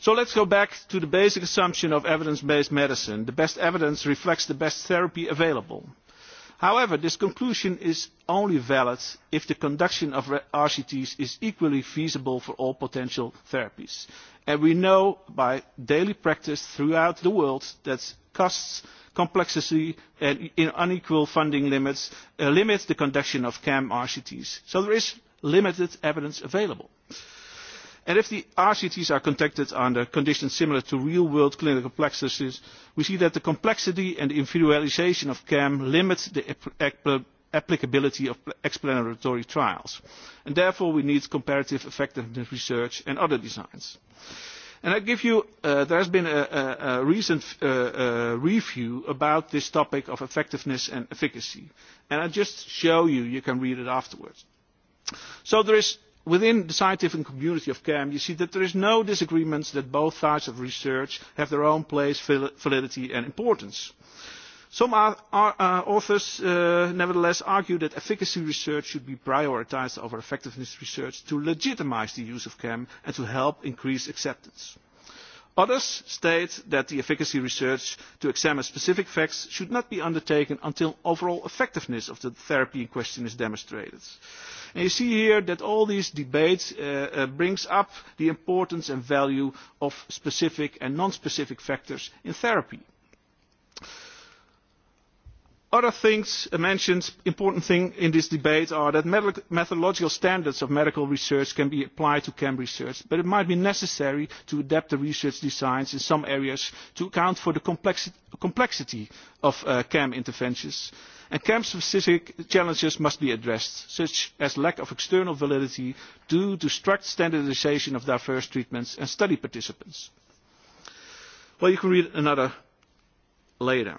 So let's go back to the basic assumption of evidence-based medicine. The best evidence reflects the best therapy available. However, this conclusion is only valid if the conduction of RCTs is equally feasible for all potential therapies. And we know by daily practice throughout the world that costs, complexity and unequal funding limits uh, limit the conduction of CAM RCTs. So there is limited evidence available. Uh, And if the RCTs are conducted under conditions similar to real-world clinical practices, we see that the complexity and the inferiorization of CAM limit the applicability of explanatory trials. And therefore, we need comparative effectiveness research and other designs. And I give you, uh, there has been a, a, a recent uh, uh, review about this topic of effectiveness and efficacy. And I just show you, you can read it afterwards. So there is within the scientific community of CAM, you see that there is no disagreement that both types of research have their own place, validity and importance. Some are, are, uh, authors, uh, nevertheless, argue that efficacy research should be prioritized over effectiveness research to legitimize the use of CAM and to help increase acceptance. Others state that the efficacy research to examine specific facts should not be undertaken until overall effectiveness of the therapy in question is demonstrated. And you see here that all these debates uh, uh, brings up the importance and value of specific and non-specific factors in therapy. Other things uh, mentioned, important thing in this debate are that methodological standards of medical research can be applied to CAM research, but it might be necessary to adapt the research designs in some areas to account for the complexi complexity of uh, CAM interventions. And CAM-specific challenges must be addressed, such as lack of external validity due to strict standardization of diverse treatments and study participants. Well, you can read another later.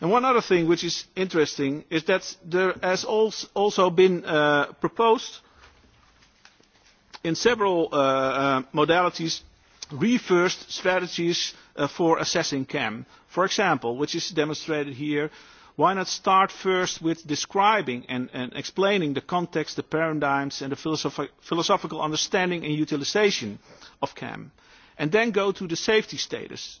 And one other thing which is interesting is that there has also been uh, proposed in several uh, uh, modalities reversed strategies uh, for assessing CAM. For example, which is demonstrated here, why not start first with describing and, and explaining the context, the paradigms and the philosoph philosophical understanding and utilization of CAM, and then go to the safety status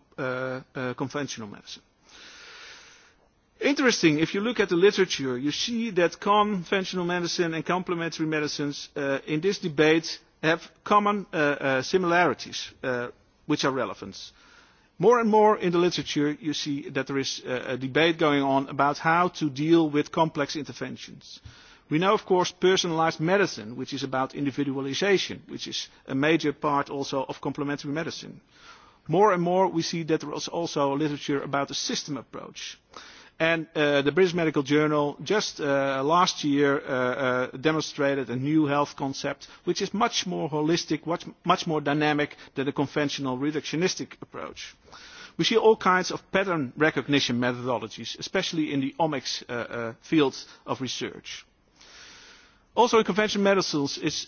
uh, uh, conventional medicine. Interesting, if you look at the literature, you see that conventional medicine and complementary medicines uh, in this debate have common uh, uh, similarities uh, which are relevant. More and more in the literature, you see that there is uh, a debate going on about how to deal with complex interventions. We know, of course, personalized medicine, which is about individualization, which is a major part also of complementary medicine. More and more we see that there is also literature about a system approach. And uh, the British Medical Journal just uh, last year uh, uh, demonstrated a new health concept which is much more holistic, much, much more dynamic than the conventional reductionistic approach. We see all kinds of pattern recognition methodologies, especially in the omics uh, uh, fields of research. Also in conventional medicines, it's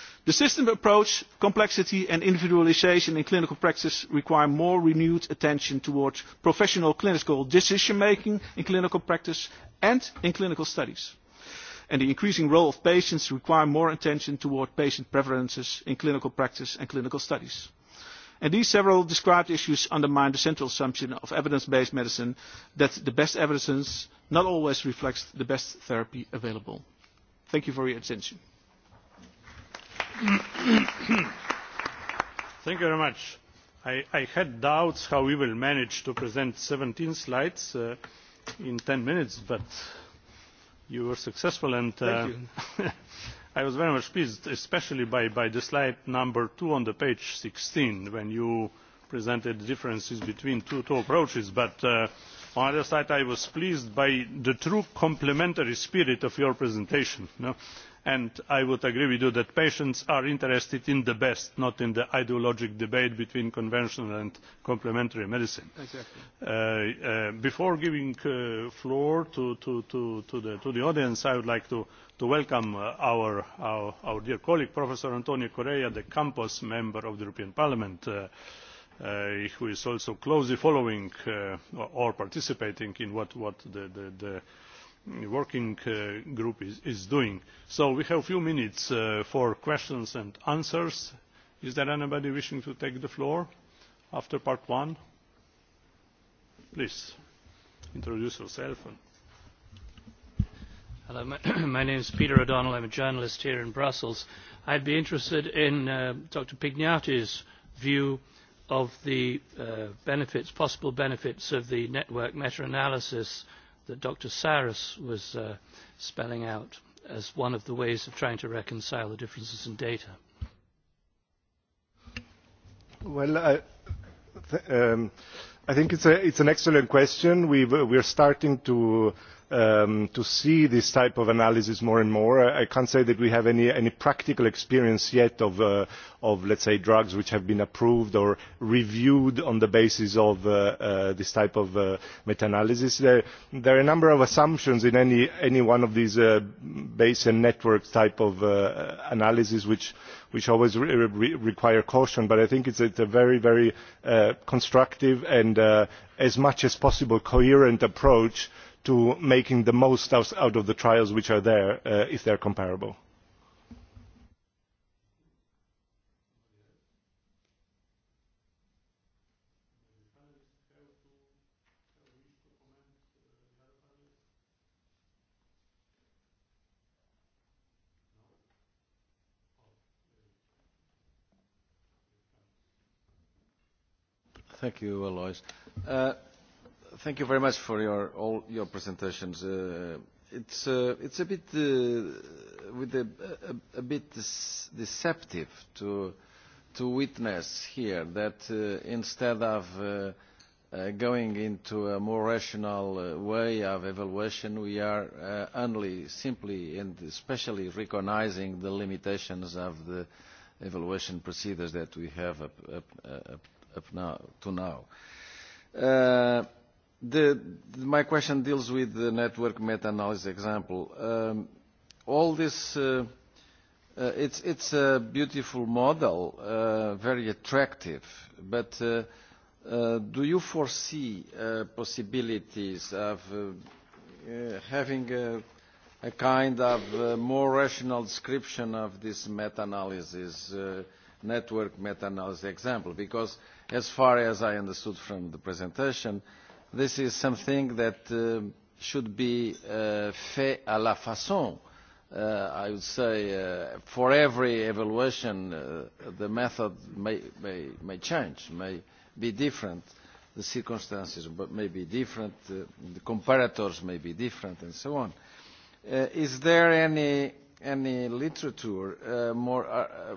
The system approach, complexity and individualisation in clinical practice require more renewed attention towards professional clinical decision making in clinical practice and in clinical studies. And the increasing role of patients require more attention toward patient preferences in clinical practice and clinical studies. And these several described issues undermine the central assumption of evidence-based medicine that the best evidence not always reflects the best therapy available. Thank you for your attention. Thank you very much. I, I had doubts how we will manage to present 17 slides uh, in 10 minutes, but you were successful and uh, Thank you. I was very much pleased, especially by, by the slide number two on the page 16, when you presented the differences between two, two approaches. But uh, on the other side, I was pleased by the true complementary spirit of your presentation. know? and i would agree with you that patients are interested in the best not in the ideological debate between conventional and complementary medicine. Exactly. Uh, uh, before giving the uh, floor to, to, to, the, to the audience i would like to welcome uh, our, our, our dear colleague professor antonio correia de campos member of the european parliament uh, uh, who is also closely following or participating in what, what the, the, the working uh, group is, is doing. So we have a few minutes uh, for questions and answers. Is there anybody wishing to take the floor after part one? Please, introduce yourself. And Hello, my, my name is Peter O'Donnell. I'm a journalist here in Brussels. I'd be interested in uh, Dr. Pignati's view of the uh, benefits, possible benefits of the network meta-analysis uh, that Dr. Saris was uh, spelling out as one of the ways of trying to reconcile the differences in data? Well, I, th um, I think it's, a, it's an excellent question. We've, we're starting to um, to see this type of analysis more and more. I can't say that we have any, any practical experience yet of, uh, of, let's say, drugs which have been approved or reviewed on the basis of uh, uh, this type of uh, meta-analysis. There, there are a number of assumptions in any, any one of these uh, base and network type of uh, analysis which which always re re require caution, but I think it's, it's a very, very uh, constructive and uh, as much as possible coherent approach to making the most out of the trials which are there uh, if they are comparable. Thank you, Alois. Uh, thank you very much for your, all your presentations. Uh, it's, uh, it's a bit, uh, with a, a, a bit deceptive to, to witness here that uh, instead of uh, uh, going into a more rational uh, way of evaluation, we are uh, only simply and especially recognizing the limitations of the evaluation procedures that we have up, up, uh, up, up now, to now. Uh, The, my question deals with the network meta-analysis example. Um, all this, uh, uh, it's, it's a beautiful model, uh, very attractive, but uh, uh, do you foresee uh, possibilities of uh, uh, having a, a kind of uh, more rational description of this meta-analysis, uh, network meta-analysis example? Because as far as I understood from the presentation, uh, this is something that uh, should be uh, fait à la façon. Uh, I would say uh, for every evaluation, uh, the method may, may, may change, may be different. The circumstances may be different, uh, the comparators may be different, and so on. Uh, is there any, any literature uh, more, uh, uh,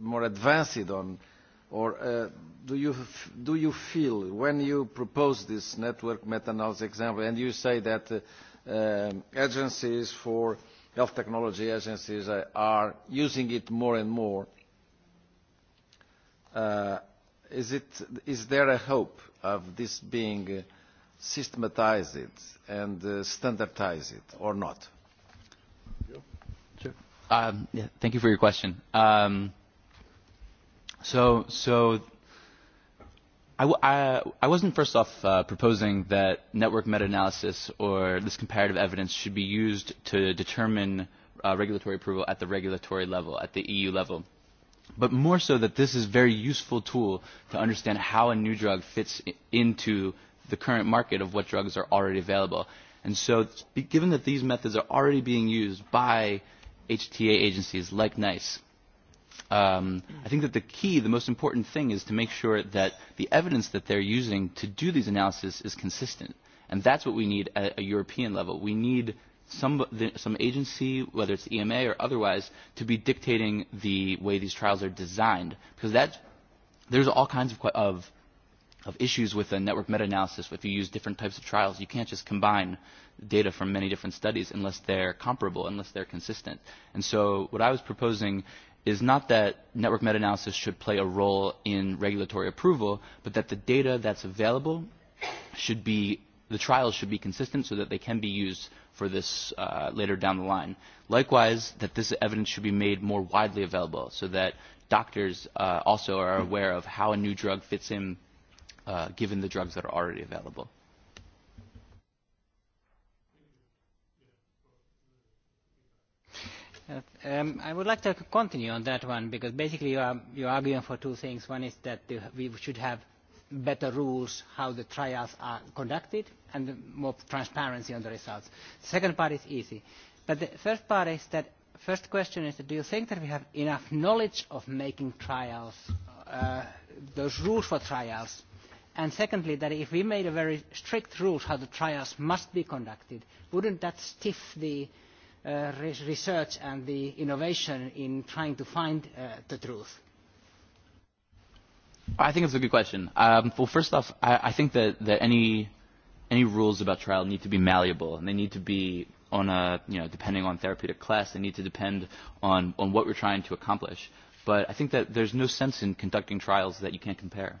more advanced on uh, Or uh, do, you f do you feel, when you propose this network meta-analysis example, and you say that uh, um, agencies for health technology agencies uh, are using it more and more, uh, is, it, is there a hope of this being uh, systematized and uh, standardized or not? Sure. Um, yeah, thank you for your question. Um, So, so I, w I, I wasn't first off uh, proposing that network meta-analysis or this comparative evidence should be used to determine uh, regulatory approval at the regulatory level, at the EU level. But more so that this is a very useful tool to understand how a new drug fits into the current market of what drugs are already available. And so given that these methods are already being used by HTA agencies like NICE, um, I think that the key, the most important thing is to make sure that the evidence that they're using to do these analyses is consistent. And that's what we need at a European level. We need some, the, some agency, whether it's EMA or otherwise, to be dictating the way these trials are designed. Because that, there's all kinds of, of, of issues with a network meta-analysis. If you use different types of trials, you can't just combine data from many different studies unless they're comparable, unless they're consistent. And so what I was proposing is not that network meta-analysis should play a role in regulatory approval, but that the data that's available should be, the trials should be consistent so that they can be used for this uh, later down the line. Likewise, that this evidence should be made more widely available so that doctors uh, also are aware of how a new drug fits in uh, given the drugs that are already available. Uh, um, I would like to continue on that one because basically you are, you are arguing for two things. One is that the we should have better rules how the trials are conducted and more transparency on the results. The second part is easy. But the first part is that, first question is that do you think that we have enough knowledge of making trials, uh, those rules for trials? And secondly, that if we made a very strict rules how the trials must be conducted, wouldn't that stiff the uh, research and the innovation in trying to find uh, the truth? I think it's a good question. Um, well, first off, I, I think that, that any, any rules about trial need to be malleable and they need to be on a, you know, depending on therapeutic class, they need to depend on, on what we're trying to accomplish. But I think that there's no sense in conducting trials that you can't compare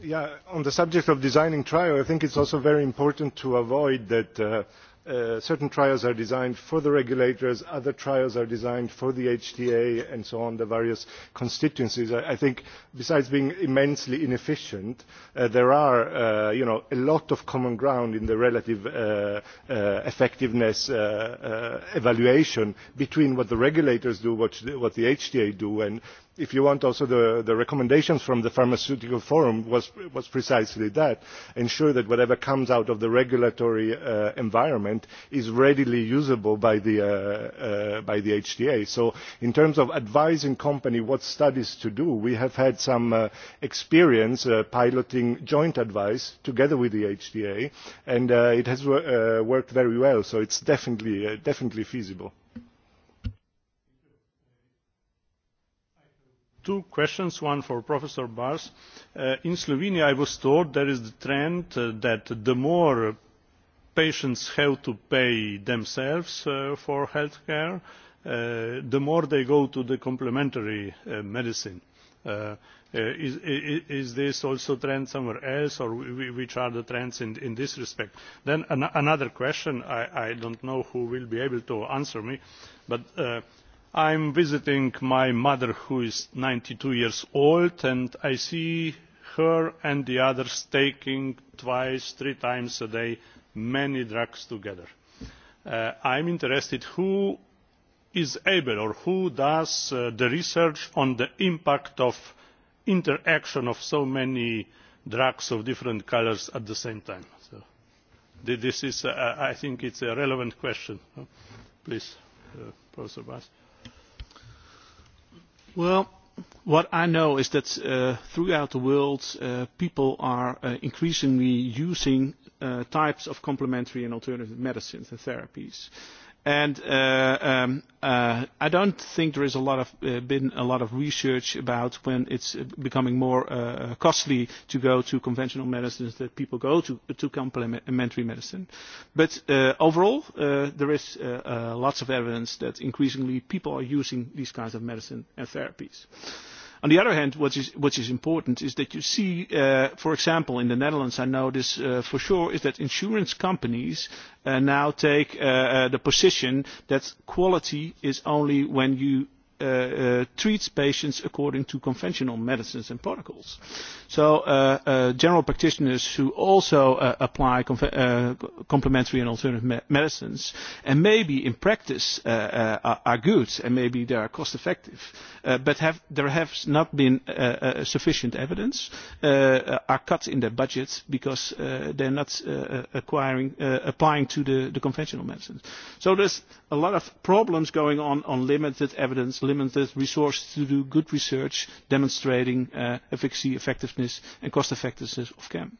Yeah, on the subject of designing trial, I think it's also very important to avoid that uh, uh, certain trials are designed for the regulators, other trials are designed for the HTA, and so on, the various constituencies. I, I think, besides being immensely inefficient, uh, there are uh, you know, a lot of common ground in the relative uh, uh, effectiveness uh, uh, evaluation between what the regulators do, what, what the HTA do, and if you want also the, the recommendations from the pharmaceutical forum was, was precisely that ensure that whatever comes out of the regulatory uh, environment is readily usable by the, uh, uh, by the HTA. So in terms of advising company what studies to do, we have had some uh, experience uh, piloting joint advice together with the HTA and uh, it has uh, worked very well. So it's definitely, uh, definitely feasible. two questions, one for Professor Bars. Uh, in Slovenia, I was told there is the trend uh, that the more patients have to pay themselves uh, for health care, uh, the more they go to the complementary uh, medicine. Uh, Uh, is, is, is this also trend somewhere else, or which are the trends in, in this respect? Then an another question, I, I don't know who will be able to answer me, but uh, I'm visiting my mother who is 92 years old and I see her and the others taking twice, three times a day many drugs together. Uh, I'm interested who is able or who does uh, the research on the impact of interaction of so many drugs of different colors at the same time. So this is, uh, I think it's a relevant question. Please, uh, Professor Bass. Well, what I know is that uh, throughout the world, uh, people are uh, increasingly using uh, types of complementary and alternative medicines and therapies. And uh, um, uh, I don't think there is a lot of uh, been a lot of research about when it's becoming more uh, costly to go to conventional medicines that people go to to complementary medicine. But uh, overall, uh, there is uh, uh, lots of evidence that increasingly people are using these kinds of medicine and therapies. Uh, On the other hand, what is, what is important is that you see, uh, for example, in the Netherlands, I know this uh, for sure, is that insurance companies uh, now take uh, uh, the position that quality is only when you uh, uh, treats patients according to conventional medicines and protocols. So uh, uh, general practitioners who also uh, apply uh, complementary and alternative me medicines and maybe in practice uh, uh, are good and maybe they are cost effective uh, but have, there has not been uh, uh, sufficient evidence uh, uh, are cut in their budgets because uh, they're not uh, uh, acquiring, uh, applying to the, the conventional medicines. So there's a lot of problems going on on limited evidence limited resources to do good research demonstrating uh, efficacy, effectiveness and cost effectiveness of CAM.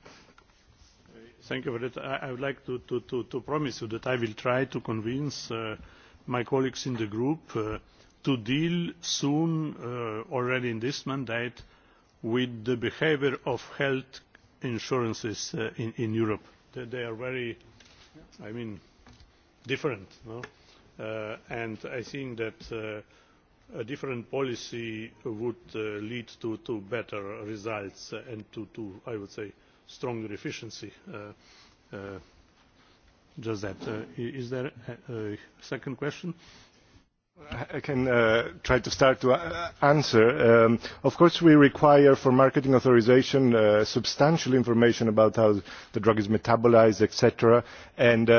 Thank you for that. I, I would like to, to, to, to promise you that I will try to convince uh, my colleagues in the group uh, to deal soon, uh, already in this mandate, with the behavior of health insurances uh, in, in Europe. They, they are very, I mean, different. No? Uh, and I think that uh, a different policy would uh, lead to, to better results and to, to, I would say, stronger efficiency. Uh, uh, just that. Uh, is there a, a second question? Uh, I can uh, try to start to uh, answer. Um, of course, we require for marketing authorization uh, substantial information about how the drug is metabolized, etc., and uh, uh,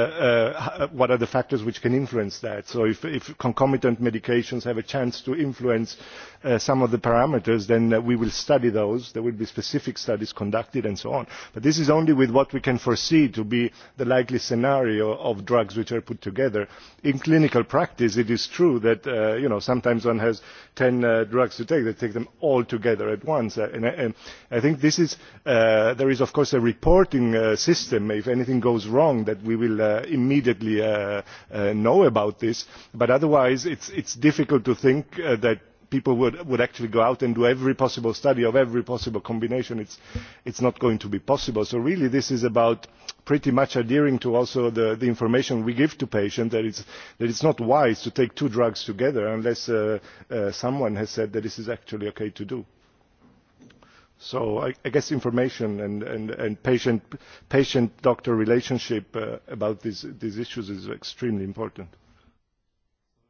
uh, what are the factors which can influence that. So if, if concomitant medications have a chance to influence uh, some of the parameters, then uh, we will study those. There will be specific studies conducted and so on. But this is only with what we can foresee to be the likely scenario of drugs which are put together. In clinical practice, it is true that that uh, you know sometimes one has 10 uh, drugs to take they take them all together at once uh, and, and i think this is uh, there is of course a reporting uh, system if anything goes wrong that we will uh, immediately uh, uh, know about this but otherwise it's it's difficult to think uh, that people would, would actually go out and do every possible study of every possible combination, it's, it's not going to be possible. So really this is about pretty much adhering to also the, the information we give to patients that it's, that it's not wise to take two drugs together unless uh, uh, someone has said that this is actually okay to do. So I, I guess information and, and, and patient-doctor patient, -doctor relationship uh, about these, these issues is extremely important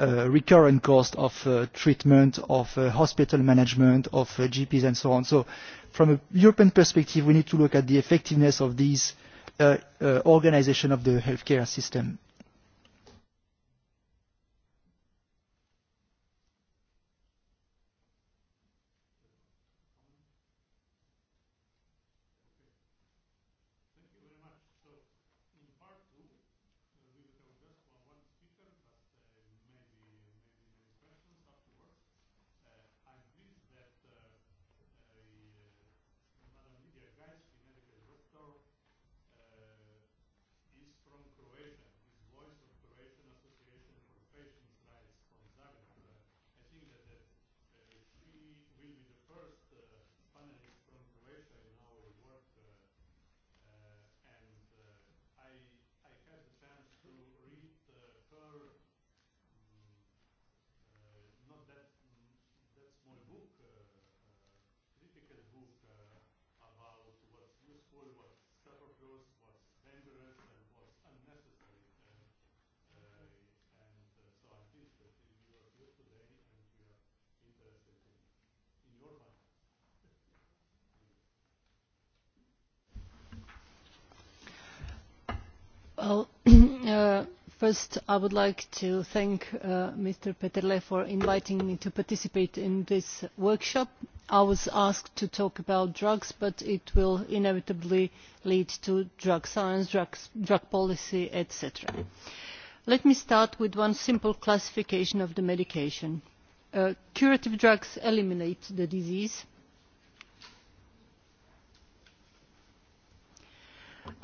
uh, recurrent cost of uh, treatment, of uh, hospital management, of uh, GPs and so on. So from a European perspective, we need to look at the effectiveness of these uh, uh, organization of the healthcare system. First, I would like to thank uh, Mr. Peterle for inviting me to participate in this workshop. I was asked to talk about drugs, but it will inevitably lead to drug science, drugs, drug policy, etc. Let me start with one simple classification of the medication. Uh, curative drugs eliminate the disease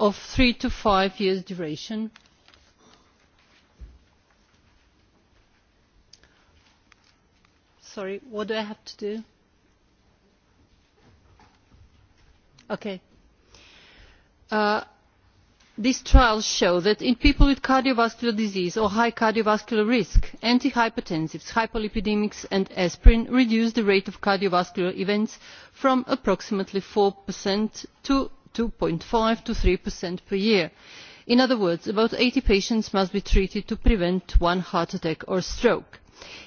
of three to five years duration. Sorry, what do I have to do? Okay. Uh, these trials show that in people with cardiovascular disease or high cardiovascular risk, antihypertensives, hypolipidemics and aspirin reduce the rate of cardiovascular events from approximately 4% to two five to three per year. In other words, about eighty patients must be treated to prevent one heart attack or stroke.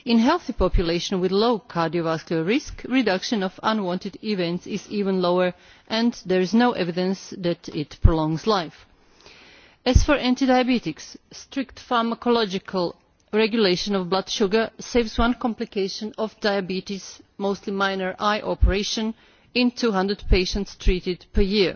In healthy population with low cardiovascular risk, reduction of unwanted events is even lower and there is no evidence that it prolongs life. As for antidiabetics, strict pharmacological regulation of blood sugar saves one complication of diabetes, mostly minor eye operation, in two hundred patients treated per year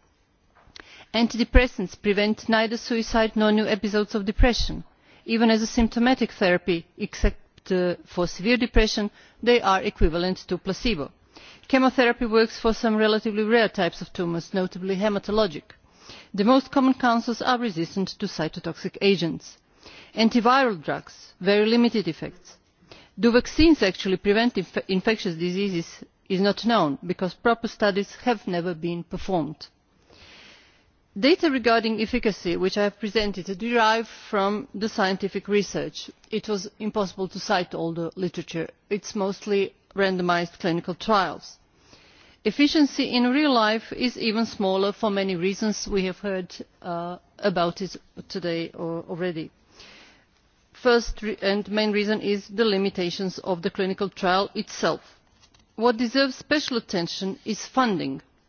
antidepressants prevent neither suicide nor new episodes of depression. even as a symptomatic therapy except uh, for severe depression they are equivalent to placebo. chemotherapy works for some relatively rare types of tumours notably hematologic. the most common cancers are resistant to cytotoxic agents. antiviral drugs very limited effects. do vaccines actually prevent inf infectious diseases is not known because proper studies have never been performed Data regarding efficacy, which I have presented, derive derived from the scientific research. It was impossible to cite all the literature. It's mostly randomized clinical trials. Efficiency in real life is even smaller for many reasons. We have heard uh, about it today or already. First and main reason is the limitations of the clinical trial itself. What deserves special attention is funding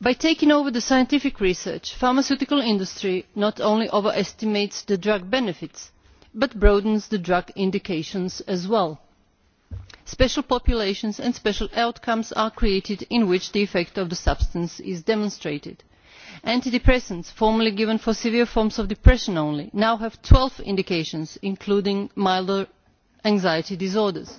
By taking over the scientific research, pharmaceutical industry not only overestimates the drug benefits, but broadens the drug indications as well. Special populations and special outcomes are created in which the effect of the substance is demonstrated. Antidepressants, formerly given for severe forms of depression only, now have 12 indications, including milder anxiety disorders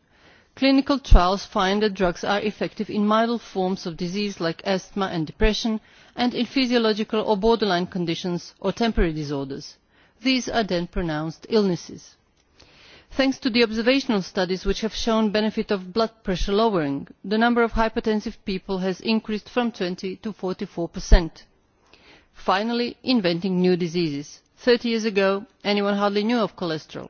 clinical trials find that drugs are effective in mild forms of disease like asthma and depression and in physiological or borderline conditions or temporary disorders. These are then pronounced illnesses. Thanks to the observational studies which have shown benefit of blood pressure lowering, the number of hypertensive people has increased from 20 to 44 Finally, inventing new diseases. Thirty years ago, anyone hardly knew of cholesterol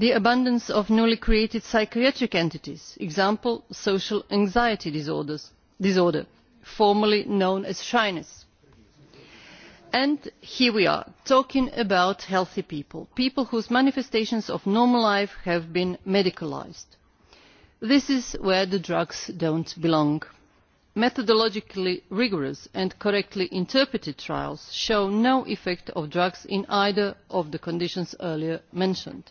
the abundance of newly created psychiatric entities example social anxiety disorders, disorder formerly known as shyness. And here we are, talking about healthy people, people whose manifestations of normal life have been medicalized. This is where the drugs don't belong. Methodologically rigorous and correctly interpreted trials show no effect of drugs in either of the conditions earlier mentioned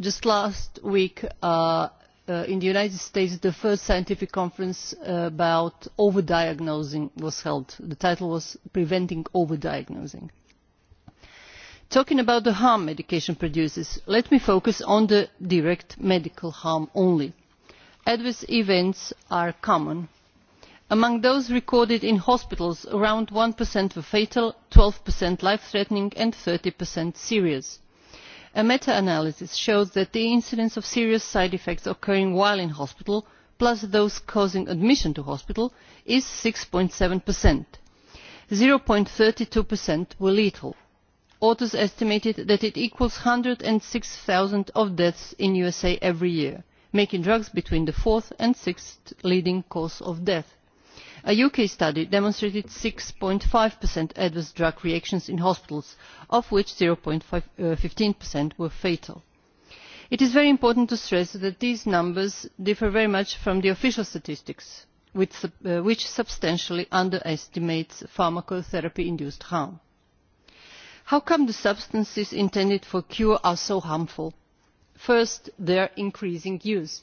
just last week uh, uh, in the United States the first scientific conference uh, about overdiagnosing was held. The title was Preventing Overdiagnosing. Talking about the harm medication produces, let me focus on the direct medical harm only. Adverse events are common. Among those recorded in hospitals, around 1% were fatal, 12% life-threatening and 30% serious A meta-analysis shows that the incidence of serious side effects occurring while in hospital, plus those causing admission to hospital, is 6.7%. 0.32% were lethal. Authors estimated that it equals 106,000 of deaths in USA every year, making drugs between the fourth and sixth leading cause of death A UK study demonstrated 6.5% adverse drug reactions in hospitals, of which 0.15% uh, were fatal. It is very important to stress that these numbers differ very much from the official statistics, which, uh, which substantially underestimates pharmacotherapy-induced harm. How come the substances intended for cure are so harmful? First, their increasing use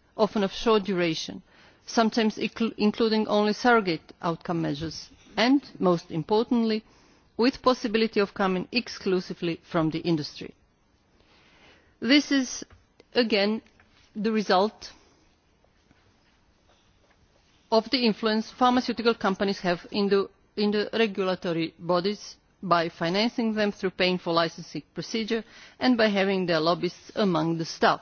often of short duration, sometimes including only surrogate outcome measures, and, most importantly, with possibility of coming exclusively from the industry. This is, again, the result of the influence pharmaceutical companies have in the, in the regulatory bodies by financing them through paying for licensing procedure and by having their lobbyists among the staff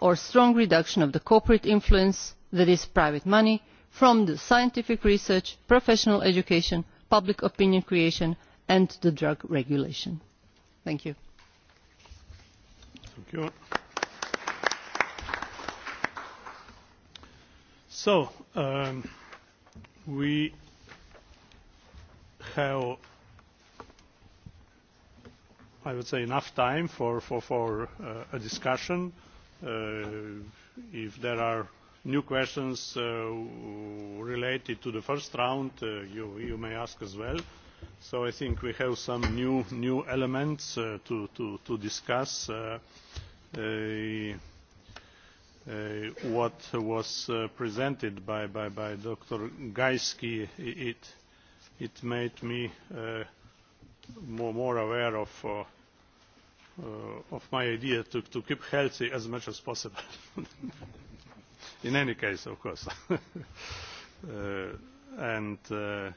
or strong reduction of the corporate influence that is private money from the scientific research professional education public opinion creation and the drug regulation. Thank you. Thank you. So, um, we have, I would say, enough time for, for, for uh, a discussion. Uh, if there are new questions uh, related to the first round, uh, you, you may ask as well. So I think we have some new, new elements uh, to, to, to discuss. Uh, uh, uh, what was uh, presented by, by, by Dr. Gajski, it, it made me uh, more, more aware of uh, uh, of my idea to, to keep healthy as much as possible. In any case, of course. uh, and uh,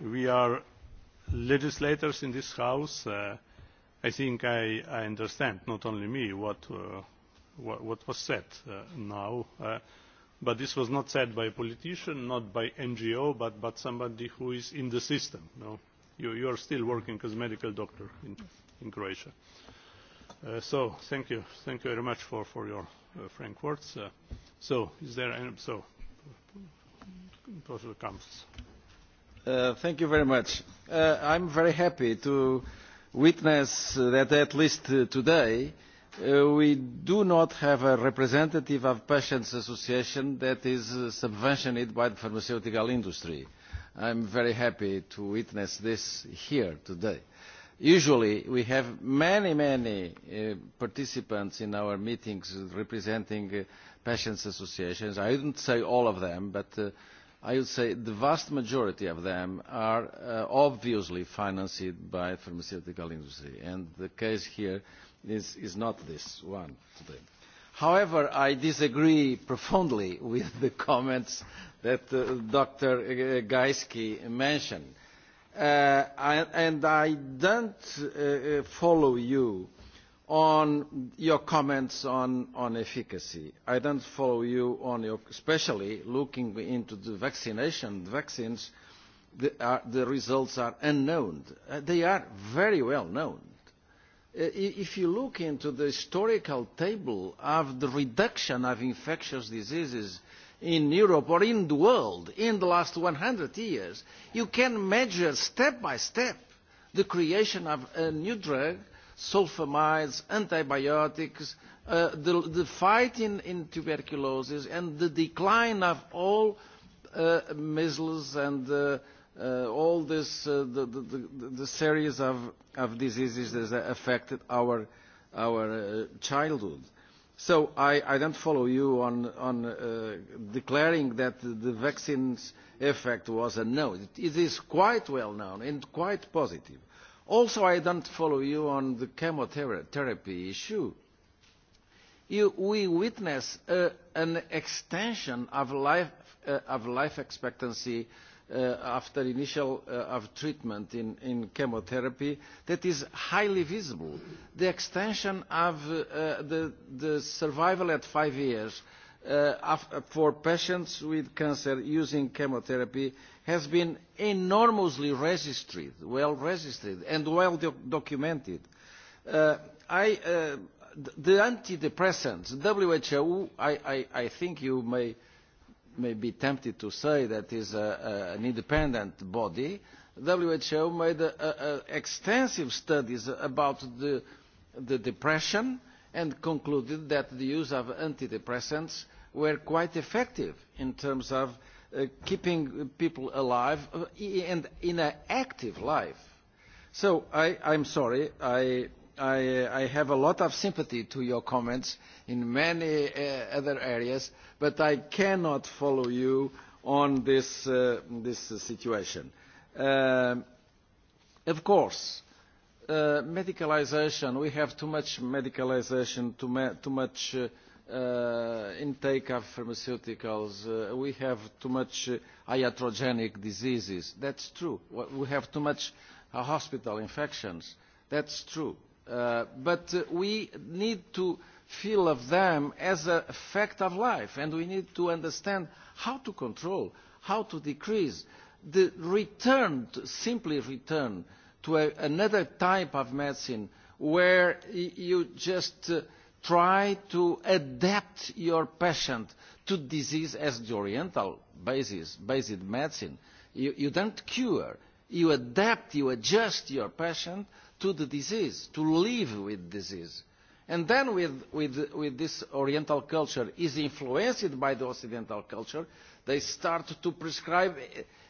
we are legislators in this House. Uh, I think I, I understand, not only me, what, uh, what, what was said uh, now. Uh, but this was not said by a politician, not by NGO, but, but somebody who is in the system. No? You, you are still working as a medical doctor in, in Croatia. Uh, Uh, so thank you thank you very much for for your uh, frank words uh, so is there any so Professor Camps uh, thank you very much uh, I'm very happy to witness that at least uh, today uh, we do not have a representative of patients association that is uh, subventioned by the pharmaceutical industry I'm very happy to witness this here today uh, usually we have many, many uh, participants in our meetings representing uh, patients associations. I wouldn't say all of them, but uh, I would say the vast majority of them are uh, obviously financed by pharmaceutical industry. And the case here is, is not this one today. However, I disagree profoundly with the comments that uh, Dr. Uh, Gaisky mentioned uh, I, and I don't uh, uh, follow you on your comments on, on efficacy. I don't follow you on your, especially looking into the vaccination, the vaccines, the, are, the results are unknown. Uh, they are very well known. Uh, if you look into the historical table of the reduction of infectious diseases in Europe or in the world in the last 100 years, you can measure step by step the creation of a new drug, sulfamides, antibiotics, uh, the, the fight in, in tuberculosis and the decline of all uh, measles and uh, uh, all this, uh, the, the, the, the series of, of diseases that affected our, our uh, childhood. So I, I don't follow you on, on uh, declaring that the vaccine's effect was a no. It, it is quite well known and quite positive. Also, I don't follow you on the chemotherapy issue. You, we witness uh, an extension of life, uh, of life expectancy uh, uh, after initial uh, of treatment in, in chemotherapy that is highly visible. The extension of uh, the, the survival at five years uh, for patients with cancer using chemotherapy has been enormously registered, well registered and well doc documented. Uh, I, uh, the antidepressants, WHO, I, I, I think you may may be tempted to say that is a, a, an independent body, WHO made a, a, a extensive studies about the, the depression and concluded that the use of antidepressants were quite effective in terms of uh, keeping people alive uh, and in an active life. So I, I'm sorry, I, I, I have a lot of sympathy to your comments in many uh, other areas, but I cannot follow you on this, uh, this uh, situation. Uh, of course, uh, medicalization, we have too much medicalization, too, ma too much uh, uh, intake of pharmaceuticals, uh, we have too much uh, iatrogenic diseases. That's true. We have too much uh, hospital infections. That's true. Uh, but uh, we need to uh, feel of them as a fact of life, and we need to understand how to control, how to decrease the return, to, simply return to a, another type of medicine where you just uh, try to adapt your patient to disease as the oriental basis, basic medicine. You, you don't cure, you adapt, you adjust your patient to the disease, to live with disease And then with, with, with this Oriental culture is influenced by the Occidental culture, they start to prescribe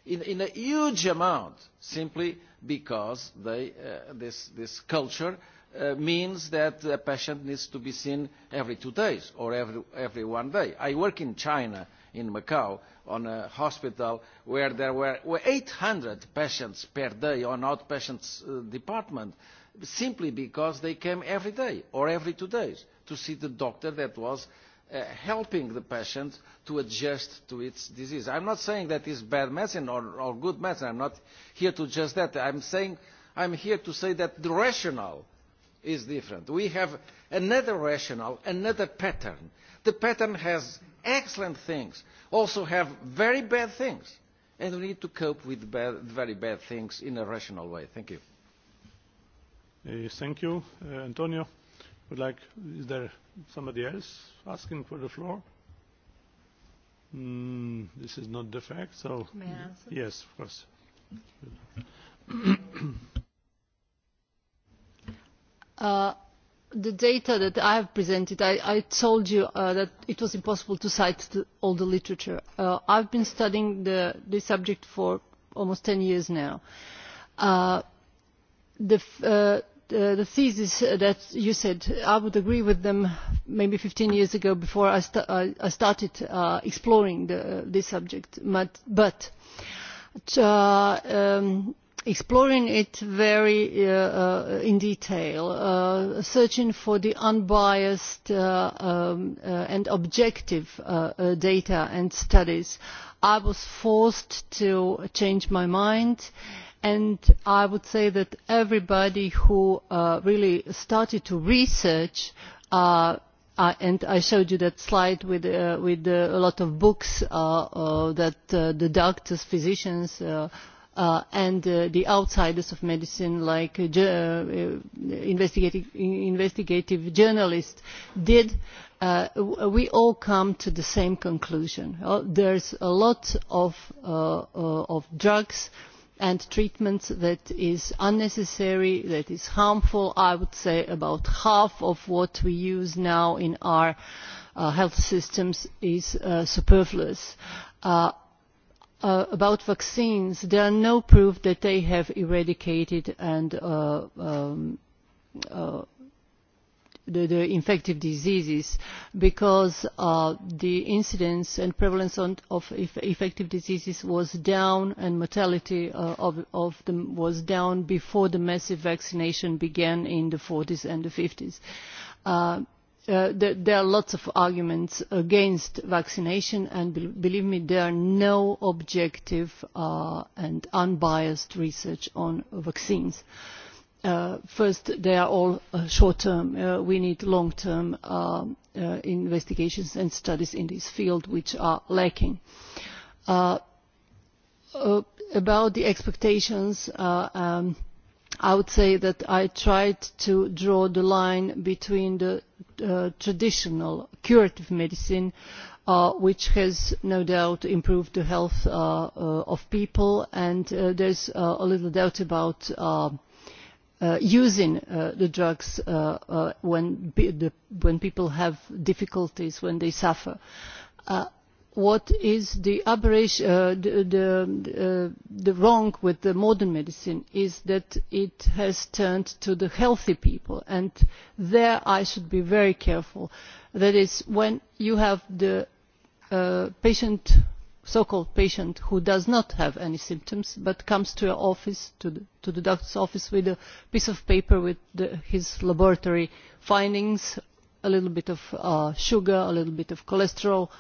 in, in a huge amount simply because they, uh, this, this culture uh, means that a patient needs to be seen every two days or every, every one day. I work in China, in Macau, on a hospital where there were 800 patients per day on outpatient uh, department simply because they came every day or every two days to see the doctor that was uh, helping the patient to adjust to its disease. I'm not saying that it's bad medicine or, or good medicine. I'm not here to just that. I'm saying I'm here to say that the rationale is different. We have another rationale, another pattern. The pattern has excellent things, also have very bad things. And we need to cope with bad, very bad things in a rational way. Thank you. Uh, thank you, uh, Antonio. Would like, is there somebody else asking for the floor? Mm, this is not the fact, so. May I answer? Yes, of course. uh, the data that I have presented, I, I told you uh, that it was impossible to cite the, all the literature. Uh, I've been studying the, the subject for almost 10 years now. Uh, the, uh, Uh, the thesis uh, that you said, I would agree with them maybe 15 years ago before I, st I, uh, I started uh, exploring the, this subject. But, but uh, um, exploring it very uh, uh, in detail, uh, searching for the unbiased uh, um, uh, and objective uh, uh, data and studies, I was forced to change my mind and I would say that everybody who uh, really started to research uh, Uh, and I showed you that slide with, uh, with uh, a lot of books uh, uh, that uh, the doctors, physicians, uh, uh, and uh, the outsiders of medicine like uh, uh, investigative, investigative journalists did, uh, we all come to the same conclusion. Uh, there's a lot of, uh, uh, of drugs and treatments that is unnecessary, that is harmful. I would say about half of what we use now in our uh, health systems is uh, superfluous. Uh, Uh, about vaccines, there are no proof that they have eradicated and uh, um, uh, the, the infective diseases because uh, the incidence and prevalence on, of eff infective diseases was down and mortality uh, of, of them was down before the massive vaccination began in the 40s and the 50s. Uh, Uh, there, there are lots of arguments against vaccination and be believe me there are no objective uh, and unbiased research on vaccines. Uh, first, they are all uh, short-term. Uh, we need long-term uh, uh, investigations and studies in this field which are lacking. Uh, uh, about the expectations, uh, um, I would say that I tried to draw the line between the uh, traditional curative medicine, uh, which has no doubt improved the health uh, uh, of people, and uh, there's uh, a little doubt about uh, uh, using uh, the drugs uh, uh, when, be the, when people have difficulties, when they suffer. Uh, what is the aberration, uh, the, the, uh, the wrong with the modern medicine is that it has turned to the healthy people. And there I should be very careful. That is, when you have the uh, patient, so-called patient, who does not have any symptoms, but comes to your office, to the, to the doctor's office with a piece of paper with the, his laboratory findings, a little bit of uh, sugar, a little bit of cholesterol, uh,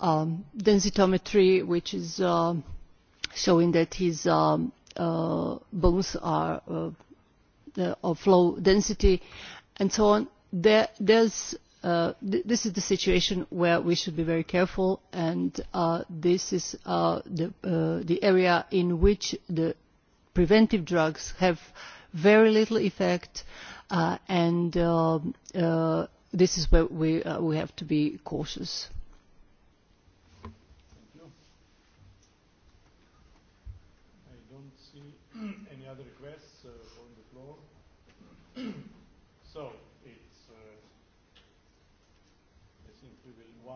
um, densitometry, which is uh, showing that his um, uh, bones are uh, of low density, and so on. There, there's, uh, th this is the situation where we should be very careful, and uh, this is uh, the, uh, the area in which the preventive drugs have very little effect, uh, and uh, uh, this is where we, uh, we have to be cautious.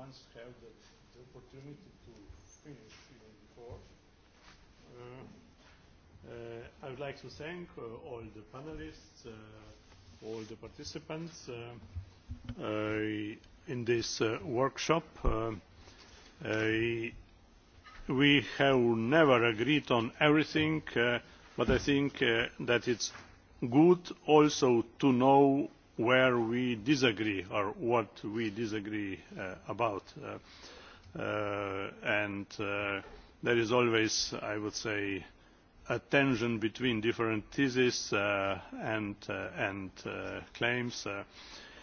once have the, the opportunity to finish even before. Uh, uh, I would like to thank uh, all the panelists, uh, all the participants uh, uh, in this uh, workshop. Uh, uh, we have never agreed on everything, uh, but I think uh, that it's good also to know where we disagree or what we disagree uh, about. Uh, uh, and uh, there is always, I would say, a tension between different theses uh, and, uh, and uh, claims. Uh,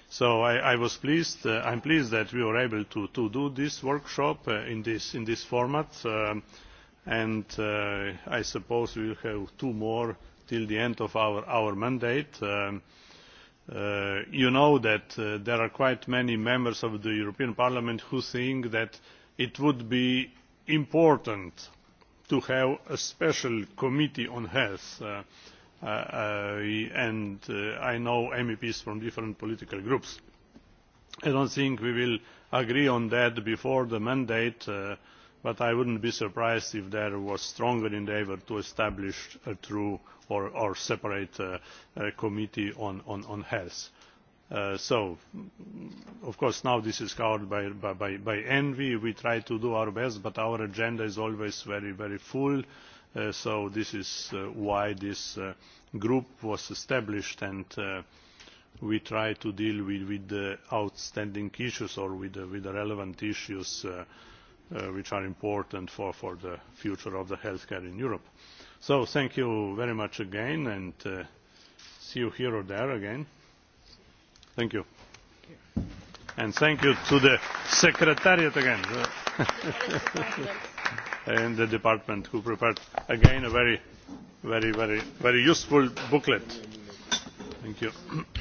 so I, I was pleased, uh, I'm pleased that we were able to, to do this workshop uh, in, this, in this format. Um, and uh, I suppose we will have two more till the end of our, our mandate. Um, Uh, you know that uh, there are quite many members of the European Parliament who think that it would be important to have a special committee on health. Uh, uh, uh, and uh, I know MEPs from different political groups. I don't think we will agree on that before the mandate uh, but I would not be surprised if there was stronger endeavour to establish a true or, or separate uh, uh, committee on, health. Uh, so, of course, now this is covered by, envi. envy. We try to do our best, but our agenda is always very, very full. so this is why this group was established, and we try to deal with, the outstanding issues or with the, relevant issues uh, which are important for, for the future of the healthcare in Europe. So thank you very much again and uh, see you here or there again. Thank you. Thank you. And thank you to the Secretariat again and the department who prepared again a very, very, very, very useful booklet. Thank you.